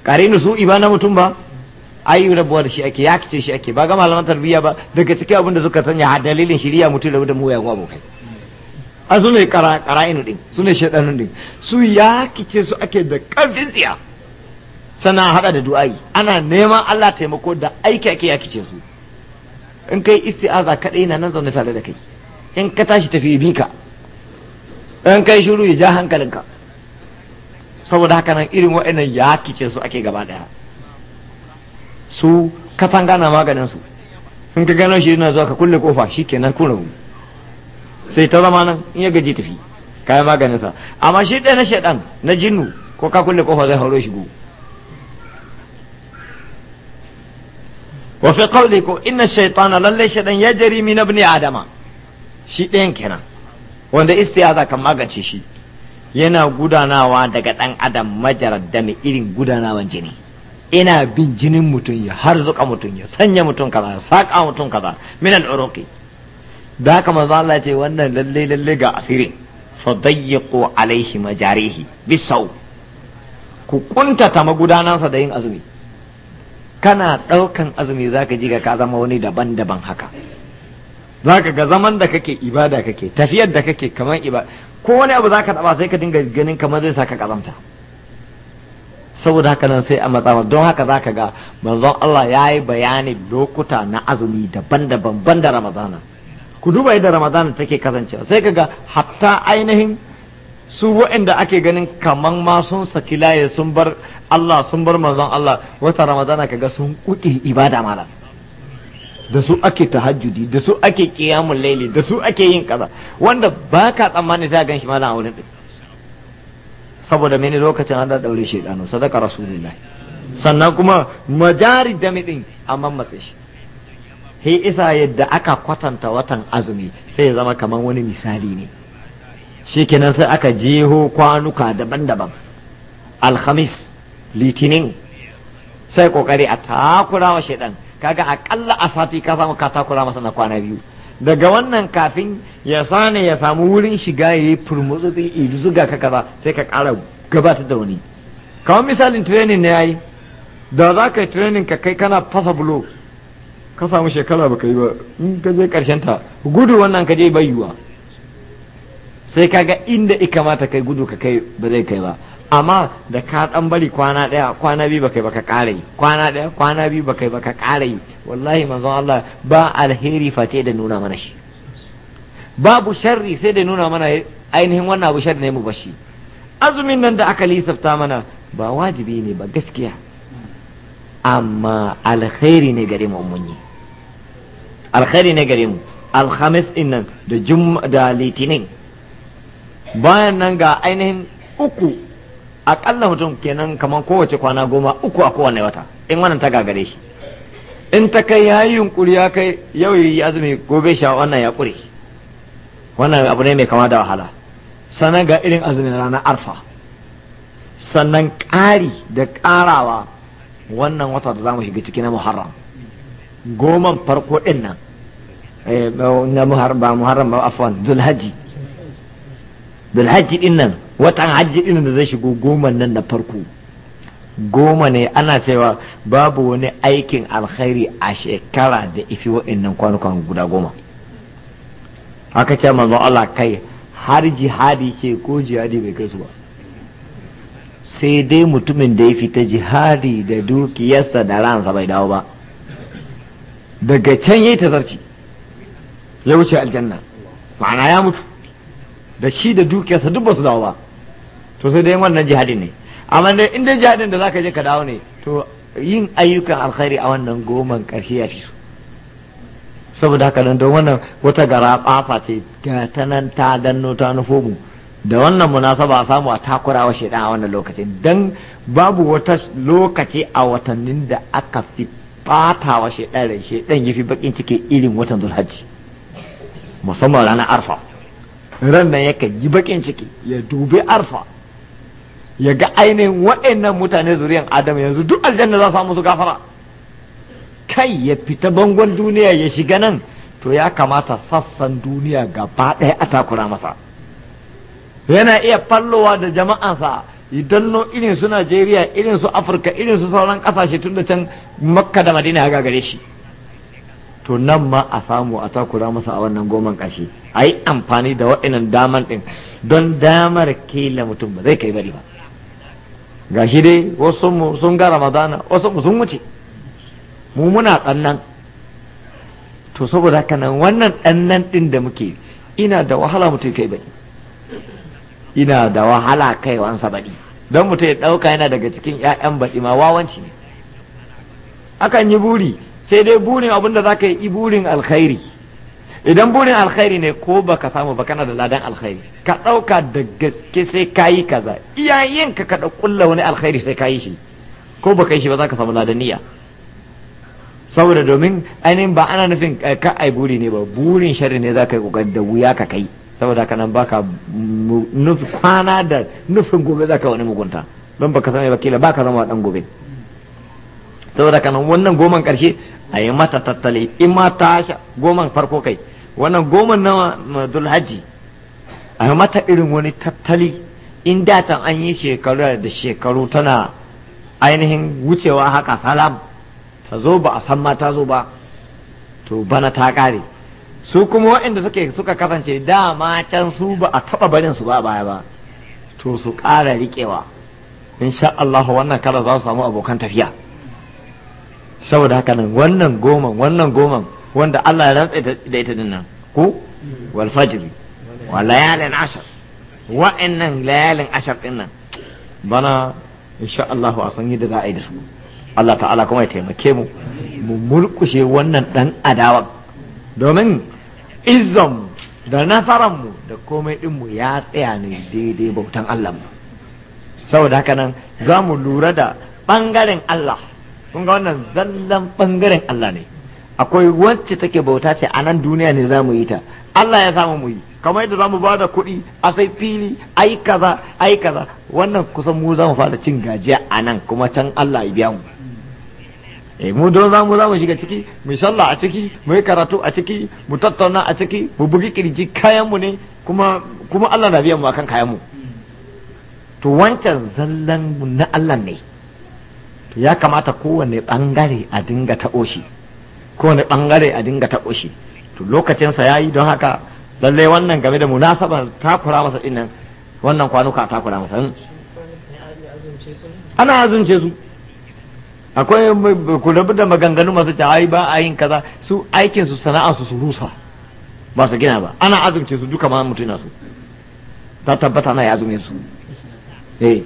ƙari su iba na mutum ba ai rabuwar shi ake ya kice shi ake ba ga malaman tarbiyya ba daga cikin abin da suka sanya har dalilin shiriya mutum da mu yawa abokai a su ne kara'inu din su ne shaɗanun din su ya kice su ake da ƙarfin tsiya sana haɗa da du'ai ana neman Allah taimako da aiki ake ya kice su in kai isti'aza kaɗai na nan zaune tare da kai in ka tashi tafi bi ka in kai shiru ya ja hankalinka saboda haka nan irin wa'annan ya kice su ake gaba daya su katanga na maganin su in ka gano shi yana zuwa ka kulle kofa shi kenan kuna rabu sai ta zama nan in ya gaji tafi kayan maganin sa amma shi ɗaya na shaɗan na jinnu ko ka kulle kofa zai hauro shigo wa fi qawli ko inna shaitana lalle shaɗan ya jari min ibni adama shi ɗayan kenan wanda istiyaza kan magance shi yana gudanawa daga ɗan adam majarar mai irin gudanawan jini ina bin jinin mutum ya har zuka mutum ya sanya mutum kaza ya saka mutum kaza minan uruqi da haka manzo Allah ce wannan lalle lalle ga asirin fa dayyiqu alaihi majarihi bisau ku ta magudanansa da yin azumi kana ɗaukan azumi zaka ji ka zama wani daban-daban haka zaka ga zaman da kake ibada kake tafiyar da kake kamar ibada ko wani abu zaka taba sai ka dinga ganin kamar zai saka kazamta saboda haka nan sai a matsa don haka za ka ga manzon Allah ya yi bayani lokuta na azumi daban-daban ban da ramadana ku duba yadda ramadana take kasancewa sai ka ga hatta ainihin su waɗanda ake ganin kaman ma sun saki laye sun bar Allah sun bar manzon Allah wata ramadana ga sun kuke ibada malam da su ake tahajjudi da su ake qiyamul laili da su ake yin kaza wanda baka tsammani za gan shi malam a wurin din saboda mene lokacin an da daure shaidanu sadaka rasulullah sannan kuma majari dami din amma matsa shi he isa yadda aka kwatanta watan azumi sai ya zama kamar wani misali ne shikenan sai aka jeho kwanuka daban-daban alhamis litinin sai kokari a takura wa shaidan kaga akalla a sati ka samu ka takura masa na kwana biyu daga wannan kafin ya sane ya samu wurin shiga ya yi furmutsutsi idu zuga ka kaza sai ka ƙara gabata da wani kawai misalin training na yayi da za ka yi training ka kai kana fasa bulo ka samu shekara ba ka yi ba in ka je karshen ta gudu wannan ka je bayuwa sai ka ga inda i kamata kai gudu ka kai ba zai kai ba amma da ka ɗan bari kwana ɗaya, kwana biyu ba kai ba ka ƙara yi kwana ɗaya, kwana biyu ba kai ba ka ƙara yi wallahi manzon Allah ba alheri face da nuna mana shi babu sharri sai da nuna mana ainihin wannan abu sharri ne mu bashi azumin nan da aka lissafta mana ba wajibi ne ba gaskiya amma alkhairi ne gare mu mun ne gare mu alhamis din nan da jum'a da litinin bayan nan ga ainihin uku akalla mutum kenan kamar kowace kwana goma uku a kowane wata in wannan ta gagare shi in ta kai ya yi yunkuri ya kai yau yi azumi gobe sha wannan ya ƙure wannan abu ne mai kama da wahala sannan ga irin azumin ranar arfa sannan ƙari da ƙarawa wannan wata da za mu shiga ciki na muharram goman farko ɗin nan eh, na muharram ba muharram ba afwan dulhaji dulhaji ɗin nan watan hajji ɗin da zai shigo goman nan na farko goma ne ana cewa babu wani aikin alkhairi a shekara da ifi wa'annan kwanukan guda goma haka ce manzo Allah kai har jihadi ce ko jihadi bai kai ba sai dai mutumin da ya fita jihadi da dukiyarsa da ransa bai dawo ba daga can yayi tazarci ya wuce aljanna ma'ana ya mutu da shi da dukiyarsa duk ba su dawo ba to sai dai wannan jihadi ne amma dai inda jihadin da zaka je ka dawo ne to yin ayyukan alkhairi a wannan goman ƙarshe ya fi saboda haka nan don wannan wata gara ƙafa ce ga ta nan ta danno ta nufo mu da wannan munasaba a samu a takurawa shaidan a wannan lokacin don babu wata lokaci a watannin da aka fi fata wa shaidan rai shaidan ya fi bakin ciki irin watan zulhaji musamman ranar arfa ran nan yakan yi bakin ciki ya dubi arfa ya ga ainihin waɗannan mutane zuriyan adam yanzu duk aljanna za su musu gafara kai ya fita bangon duniya ya shiga nan to ya kamata sassan duniya gaba ɗaya a takura masa yana iya fallowa da jama'ansa idan no irin su Najeriya irin su Afirka irin su sauran kasashe tun da can Makka da Madina ya gagare shi to nan ma a samu a takura masa a wannan goman ƙashi a yi amfani da waɗannan damar ɗin don damar kila mutum ba zai kai bari ba ga shi dai wasu mu sun ga ramadana wasu mu sun wuce mu muna ɗannan. to saboda haka nan wannan ɗannan ɗin da muke ina da wahala mutum kai baɗi ina da wahala kai wansa baɗi don mutum ya ɗauka yana daga cikin 'ya'yan baɗi ma wawanci ne akan yi buri sai dai burin abunda za ka yi burin alkhairi idan burin alkhairi ne ko baka samu ba kana da ladan alkhairi ka ɗauka da gaske sai kayi kaza iyayen ka kada kulla wani alkhairi sai kayi shi ko baka yi shi ba za ka samu ladan niyya saboda domin ainihin ba ana nufin eh, ka ai buri ne ba burin sharri ne za ka yi kokari da wuya ka kai saboda haka nan baka kwana da nufin gobe za ka wani mugunta don baka sani ba kila baka zama dan gobe saboda haka nan wannan goman karshe a yi mata tattali in ma ta goma farko kai wannan goma na haji a yi mata irin wani tattali in datan an yi shekaru da shekaru tana ainihin wucewa haka salam ta zo ba a san ma zo ba to bana ta kare su kuma waɗanda suke suka kasance dama can su ba a taɓa barin su ba baya ba to su ƙara riƙewa in sha Allah wannan kada za su samu abokan tafiya saboda haka nan wannan goman wannan goman wanda Allah ya rantsa da ita dinnan ko wal fajr wa layalin ashar wa'annan layalin ashar dinnan bana insha Allah a san yadda za a yi da su Allah ta'ala kuma ya taimake mu mu murkushe wannan dan adawa domin izzan da nasaran mu da komai din mu ya tsaya ne daidai bautan Allah mu saboda haka nan zamu lura da bangaren Allah kun ga wannan zallan bangaren Allah ne akwai wacce take bauta ce a nan duniya ne za mu yi ta Allah ya samu mu yi kamar yadda za mu ba da kuɗi a sai fili ai kaza ai kaza wannan kusan mu za mu fara cin gajiya a nan kuma can Allah ya biya mu eh mu don za mu za mu shiga ciki mu sallah a ciki mu yi karatu a ciki mu tattauna a ciki mu bugi kirji kayan mu ne kuma kuma Allah na biya mu akan kayan mu to wancan zallan na Allah ne ya kamata kowane bangare a dinga taɓo shi kowane bangare a dinga taɓo shi to lokacinsa ya yi don haka lalle wannan game da munasabar takura masa dinnan wannan kwanuka takura masa hmm? ana azumce su akwai ku rabu da maganganu masu ta ai ba ayin kaza su aikin su sana'a su rusa ba su gina ba ana azumce su duka ma mutuna su ta tabbata na ya azume su eh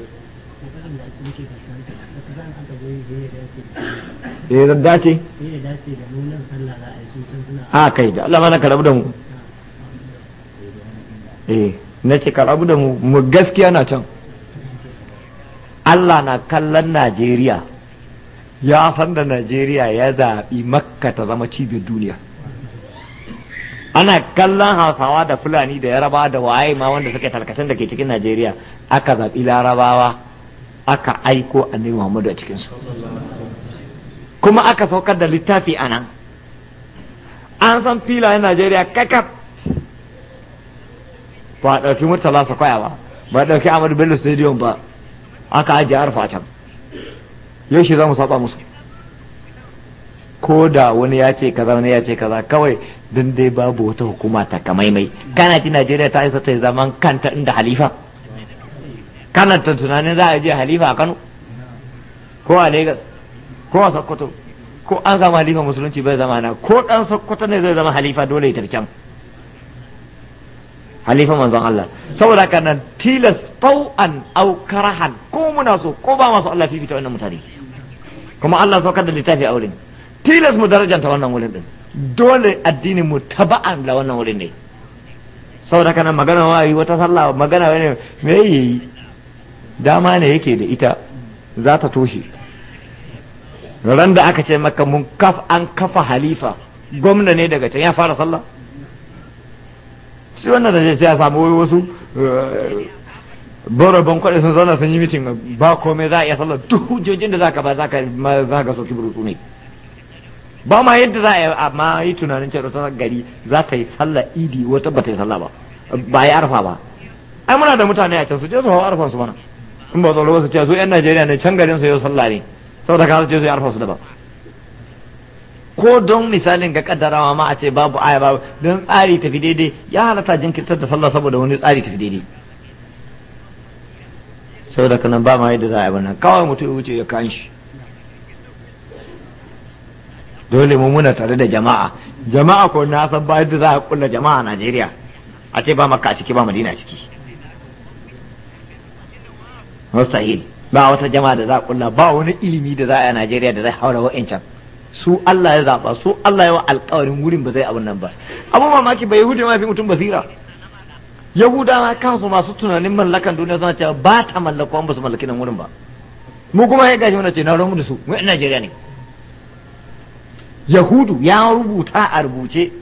da eh, ya dace eh, a ah, kai da Allah mana karabu da mu eh na ce karabu da mu mu gaskiya na can Allah na kallon Najeriya ya san da Najeriya ya zaɓi makka ta zama cibiyar duniya ana kallon hausawa da fulani da yaraba da waye ma wanda suke tarkacin da ke cikin Najeriya aka zaɓi larabawa aka aiko annabi Muhammadu a cikinsu kuma aka saukar da littafi a nan an san filayen najeriya kakaf ba a ɗauki murtala su kwaya ba ba a ɗauki amadu bello stadium ba aka ajiye arfa can yau shi za mu saba musu ko da wani ya ce kaza wani ya ce kaza kawai don dai babu wata hukuma ta kamaimai kana ji najeriya ta isa ta zaman kanta inda halifa kana tunanin za a je halifa a kano ko a Legas. ko a sokoto ko an samu halifa musulunci bai zama na ko dan sokoto ne zai zama halifa dole ya tarcan halifa manzon Allah saboda haka nan tilas tau'an au karahan ko muna so ko ba masu Allah fifita wannan mutane kuma Allah so kada littafi a wurin tilas mu darajanta wannan wurin din dole addinin mu taba'an da wannan wurin ne saboda haka nan magana wa yi wata sallah magana ne me yi dama ne yake da ita za ta toshe ran da aka ce maka mun kaf an kafa halifa gwamna ne daga can ya fara sallah shi wannan da ce ya samu wasu eh, ban kwaɗe sun zauna sun yi mitin ba komai za a iya sallar duk hujjojin da za ka ba za ka zaka soki burutsu ne ba ma yadda za a yi amma yi tunanin cewa ta gari za ta yi sallar idi wata ba ta yi sallar ba ba ya arfa ba ai muna da mutane a can su je su hau arfan su mana in ba tsoro su ce su yan Najeriya ne can garin su yau sallah ne saboda ka ce su ya rufa su ba ko don misalin ga kaddarawa ma a ce babu aya babu don tsari tafi daidai ya halatta jinkirtar da sallah saboda wani tsari tafi daidai saboda kana ba ma yadda za a yi wannan kawai mutum ya wuce ya kan shi dole mu muna tare da jama'a jama'a ko na san ba yadda za a kulla jama'a a Najeriya a ce ba maka a ciki ba madina a ciki mustahil ba wata jama'a da za a kulla ba wani ilimi da za a yi a Najeriya da zai haura wa'ancan su Allah ya zaba su Allah ya wa alƙawarin wurin ba zai abun nan ba abu mamaki ba yahudi ma fi mutum basira na kansu masu tunanin mallakan duniya suna cewa ba ta mallaka an ba su mallaki nan wurin ba mu kuma ya gashi muna ce na rumu da su mu Najeriya ne yahudu ya rubuta a rubuce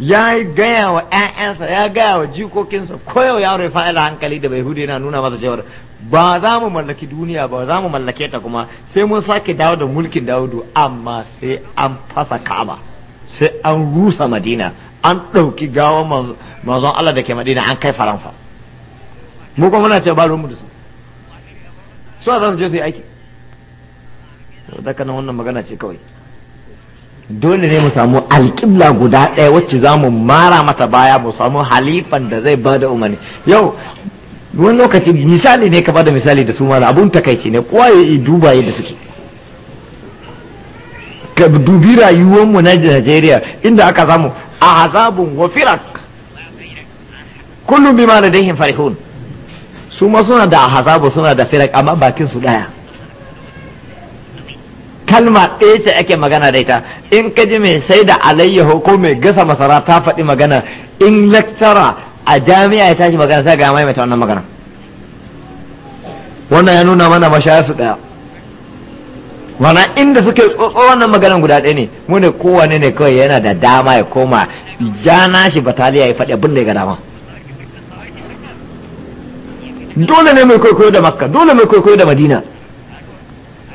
ya gaya wa ‘ya'yansa ya gaya wa jikokinsa koyau yaro ya fa'ila hankali da bai hudu yana nuna masa cewar ba za mu mallaki duniya ba za mu mallake ta kuma sai mun sake dawo da mulkin Dawudu amma sai an fasa ka'aba sai an rusa madina an ɗauki gawa manzon Allah da ke madina an kai faransa mu kuma muna ce ba mu da su su a za su je su yi aiki daga nan wannan magana ce kawai dole ne mu samu alƙibla guda ɗaya wacce za mu mara mata baya mu samu halifan da zai bada umarni yau wani lokaci misali ne ka bada misali da su mana abun takaici ne kwaye ya duba yadda suke ka dubi rayuwarmu na Najeriya inda aka samu azabun wa firak kullum da ladaihim farihun su ma suna da ahazabu suna da firak amma bakin su daya kalma ɗaya ce ake magana da ita in ka ji mai sai da alayyahu ko mai gasa masara ta faɗi magana in lektara a jami'a ya tashi magana sai ga maimaita wannan magana wannan ya nuna mana mashaya su daya wana inda suke tsotso wannan maganan guda ɗaya ne mu ne kowane ne kawai yana da dama ya koma ja nashi bataliya ya faɗi abin da ya ga dama dole ne mai kwaikwayo da makka dole mai kwaikwayo da madina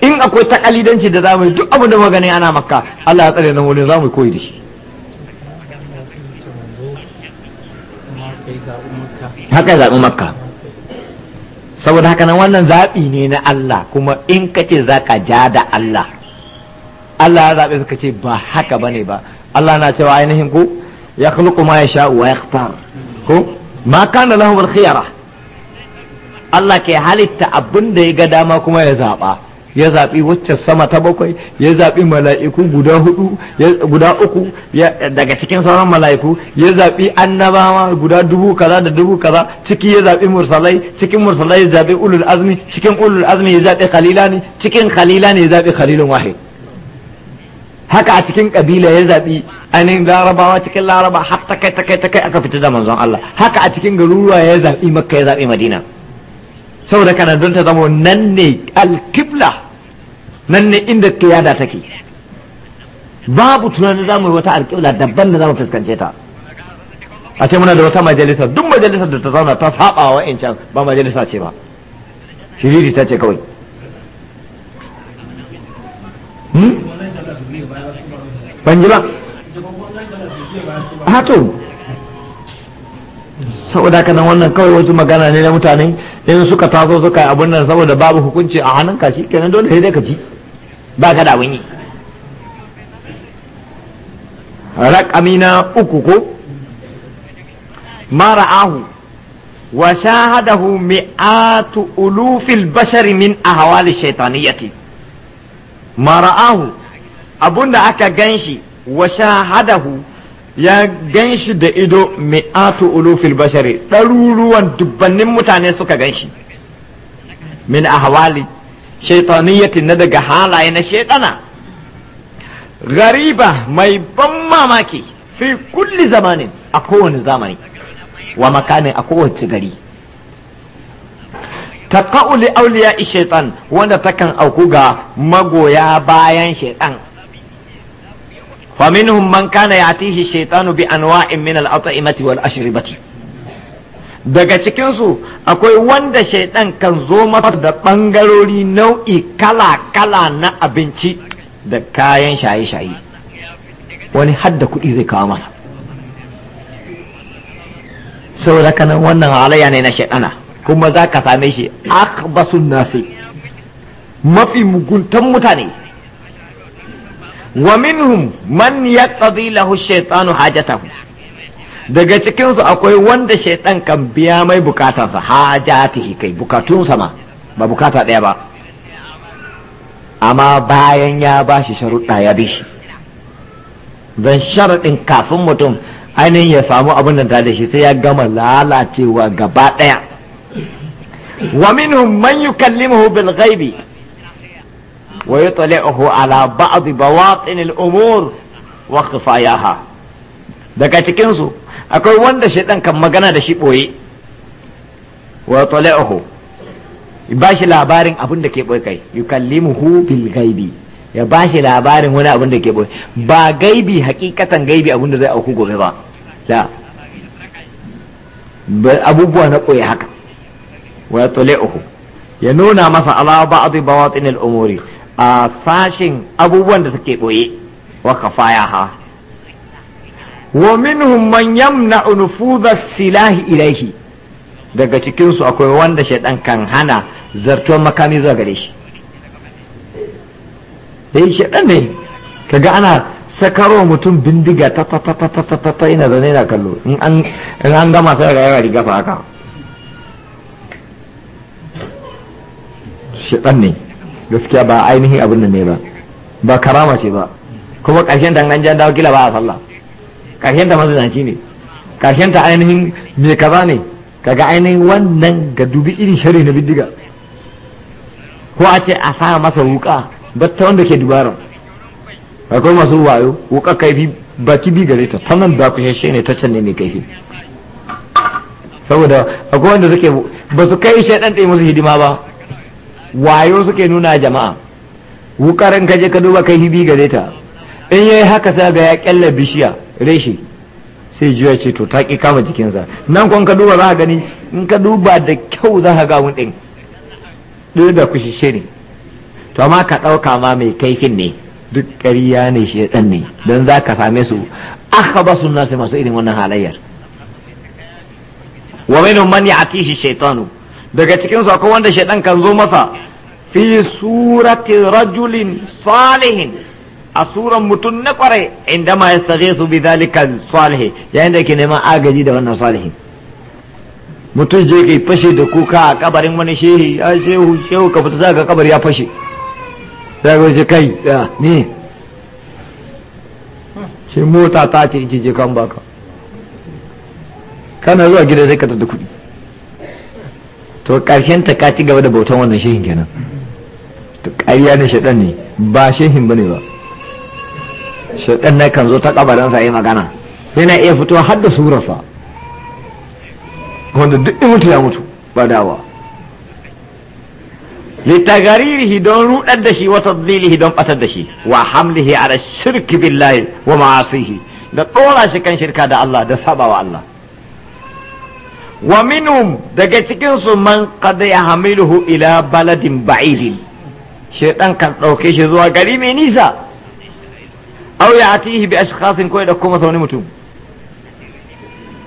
in akwai takalidanci da zamu yi duk abin da magani ana makka Allah ya tsare na mu ne zamu koyi da shi haka ya zaɓi makka saboda haka nan wannan zaɓi ne na Allah kuma in ka ce za ka ja da Allah Allah ya zaɓe suka ce ba haka ba ne ba Allah na cewa ainihin ku ya khluqu ma yasha wa yakhtar ko ma kana lahum al-khiyara Allah ke halitta abin da ya ga dama kuma ya zaɓa ya zaɓi waccan sama ta bakwai ya zaɓi mala'iku guda hudu guda uku daga cikin sauran mala'iku ya zaɓi annabawa guda dubu kaza da dubu kaza ciki ya zaɓi mursalai cikin mursalai ya zaɓi ulul azmi cikin ulul azmi ya zaɓi khalilani cikin khalilani ya zaɓi khalilun wahid haka a cikin kabila ya zaɓi ainihin larabawa cikin laraba har ta kai ta kai ta kai aka fita da manzon Allah haka a cikin garuruwa ya zaɓi makka ya zaɓi madina saboda kana don ta zama nan ne alkibla nan ne inda kiyada take babu tunanin yi wata alƙibla daban da za mu fuskance ta a ce muna da wata majalisa duk majalisar da ta zauna ta saba wa yancan ba majalisa ce ba shiriri ta ce kawai hmm? ban ji ba hato saboda haka wannan kawai wasu magana ne na mutane in suka taso suka yi abin nan saboda babu hukunci a ka shi kenan dole sai dai ka ci ba ka da abin yi raƙami na uku ko mara'ahu wa shahadahu mi'atu ulufil bashari min ahwali shaitaniyati mara'ahu abunda aka ganshi wa shahadahu ya ganshi da ido mi'atu ulufil bashari ɗaruruwan dubbannin mutane suka ganshi shi min ahwali shaitaniyyatin na daga halaye na shaitana gariba mai ban mamaki fi kulli zamanin a kowane zamani wa makanin a kowace gari ta ka'uli auliya shaitan wanda takan auku ga magoya bayan shaitan faminhum man kana tishi shaitanu bi anwa'in min al-at'imati wal ashribati daga cikinsu akwai wanda shaidan kan zo masa da ɓangarori nau'i kala-kala na abinci da kayan shaye-shaye wani hadda kuɗi zai kawo masa saboda kanan wannan halayya ne na shaidana kuma za ka same shi akbasun nasi mafi muguntan mutane wa minhum man yaqdi lahu shaytanu hajatahu daga cikinsu akwai wanda shaidan kan biya mai bukatarsa hajatihi kai bukatunsa ma ba bukata ɗaya ba amma bayan ya ba shi sharuɗa ya bi shi don sharaɗin kafin mutum ainihin ya samu abin da ta da shi sai ya gama lalacewa gaba ɗaya wa minhum man yukallimuhu bil ghaibi wa yutli'uhu ala ba'd bawatin al umur wa khifayaha daga cikin su akwai wanda shaidan kan magana da shi ɓoye wa tala'uhu ba shi labarin abin da ke ɓoye kai yukallimuhu bil gaibi ya ba shi labarin wani abin da ke ɓoye ba gaibi hakikatan gaibi abin da zai auku gobe ba la abubuwa na ɓoye haka wa tala'uhu ya nuna masa ala ba'd bawatin al-umuri a sashin abubuwan da suke ɓoye wa ha. wa minhum man yamna'u nufudha silahi ilaihi daga cikinsu akwai wanda shaidan kan hana zarto makami zuwa gare shi dai shaidan ne kaga ana sakarwa mutum bindiga ta ta ta ta ta ta ta ta ina zane na kallo in an gama sai ga yawa riga fa haka shaidan ne gaskiya ba ainihin abin ne ba ba karama ce ba kuma karshen dangan jan dawo kila ba a sallah karshen ta mazinaci ne karshen ta ainihin mai kaza ne kaga ainihin wannan ga dubi irin shari na bindiga ko a ce a sa masa wuka batta wanda ke dubaran akwai masu wayo wuka kaifi baki bi gare ta sannan ba ku shashe ne ta can ne mai kaifi saboda akwai wanda suke ba su kai shaidan ɗaya musu hidima ba wayo suke nuna jama'a wukarin kaje ka duba kai bi gare ta in yayi haka sai ga ya kyalla bishiya reshe sai juya ce to ta ƙi kama jikinsa nan kwan ka duba za a gani in ka duba da kyau za ka gawun ɗin ɗin da ku shishe ne to amma ka ɗauka ma mai kaifin ne duk ƙarya ne shi ɗan ne don za ka same su aka ba su nasu masu irin wannan halayyar wa minhum a ya'tihi shaitanu. daga cikin su akwai wanda shaitan kan zo masa fi suratin rajulin salihin Asuran suran mutum na kware inda ma ya sare su bi zalikan salihi yayin da ke neman agaji da wannan salihi mutum je kai fashe da kuka a kabarin wani shehi ya shehu shehu ka fita ga kabari ya fashe sai ga kai ni. ce mota ta ce ji je kan baka kana zuwa gida sai ka tada kuɗi to karshen ta ka ci gaba da bautan wannan shehin kenan to ƙarya na shaɗan ne ba shehin bane ba shaidan na kan zo ta sa yi magana yana iya fito har da surarsa wanda duk mutu ya mutu ba dawa litagaririhi don rudar da shi wa tadzilihi don batar da shi wa hamlihi ala shirki billahi wa ma'asihi da dora shi kan shirka da Allah da sabawa Allah wa minhum daga cikin su man qad yahmiluhu ila baladin ba'idin shedan kan ɗauke shi zuwa gari mai nisa aw ya atihi bi ashkhasin ko da kuma masa wani mutum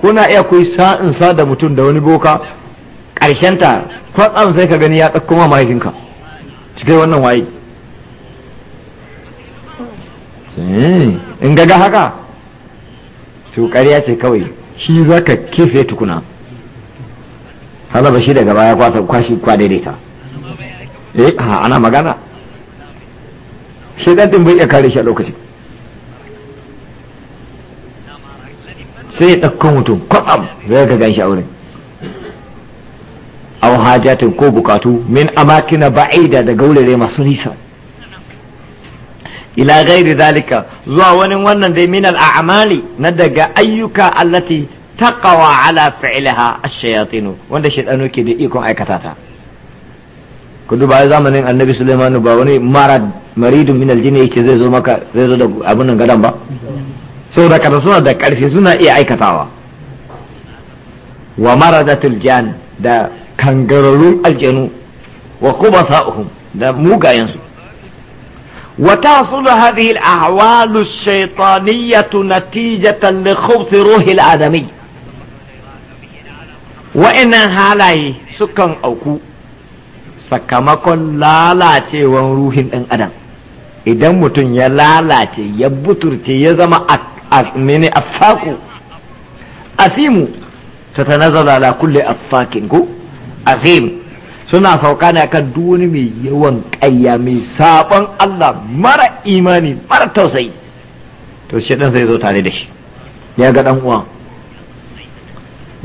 kuna iya kuyi sa'in sa da mutum da wani boka ta kwatsam sai ka gani ya ɗauko ma mahaifinka cikin wannan waye eh, in gaga haka to ƙarya ce kawai shi za ka kife tukuna halaba shi daga baya kwasa kwashi kwa daidaita eh ha ana magana shi ɗan bai iya kare shi a lokacin sai ya ɗauko mutum kwatsam zai ka gan shi a wurin aw hajatin ko bukatu min amakina ba'ida da gaurare masu nisa ila gairi zalika zuwa wani wannan dai min al'amali na daga ayyuka allati taqawa ala fi'liha ash-shayatin wanda shaytanu ke da iko aikata ta ku duba zamanin annabi Sulaiman ba wani marad maridun min al yake zai zo maka zai zo da abun nan gadan ba saboda kada suna da ƙarfi suna iya aikatawa wa maradatul jan da kangararrun aljanu wa khubasa'uhum da mugayensu وتحصل هذه الأحوال الشيطانية نتيجة لخبث روح الآدمي وإن هالاي سكن أوكو sakamakon lalacewan ruhin ɗan adam idan mutum ya lalace ya buturce ya zama a mene affaku asimu nazara ala kulle affakin ku azim suna sauka ne akan duk wani mai yawan ƙayya mai sabon Allah mara imani mara tausayi to shi dan sai zo tare da shi ya ga dan uwa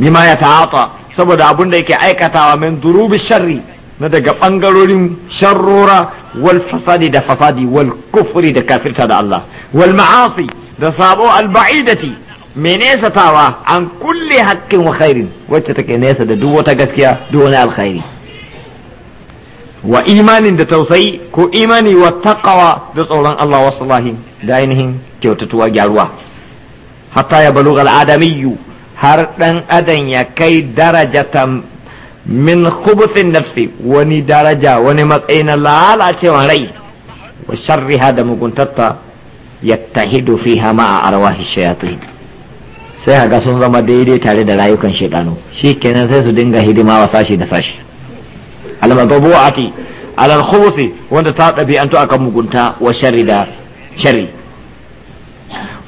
ma ya ta'ata saboda abun da yake aikatawa min durubi sharri na daga bangarorin sharrora wal fasadi da fasadi wal kufri da kafirta da Allah wal ma'asi da sabo alba'idati mai nesatawa an kulle haƙƙin wa khairin wacce take nesa da duk wata gaskiya duk wani alkhairi wa imanin da tausayi ko imani wa taqwa da tsoron Allah wa salahi da ainihin kyautatuwa gyaruwa hatta ya baluga al'adamiyyu har dan adam ya kai darajatan min khubuthin nafsi wani daraja wani matsayi na lalacewa rai wa sharriha da muguntarta yattahidu fiha a arwahi shayatin sai ga sun zama daidai tare da rayukan shaidanu kenan sai su dinga hidima wa sashi da sashi al ati alal khubusi wanda ta ɗabi'antu akan mugunta wa shari. da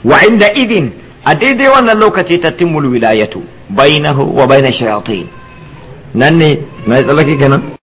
wa inda idin a daidai wannan lokaci ta timul wilayatu bainahu wa nan ne mai tsalaki kenan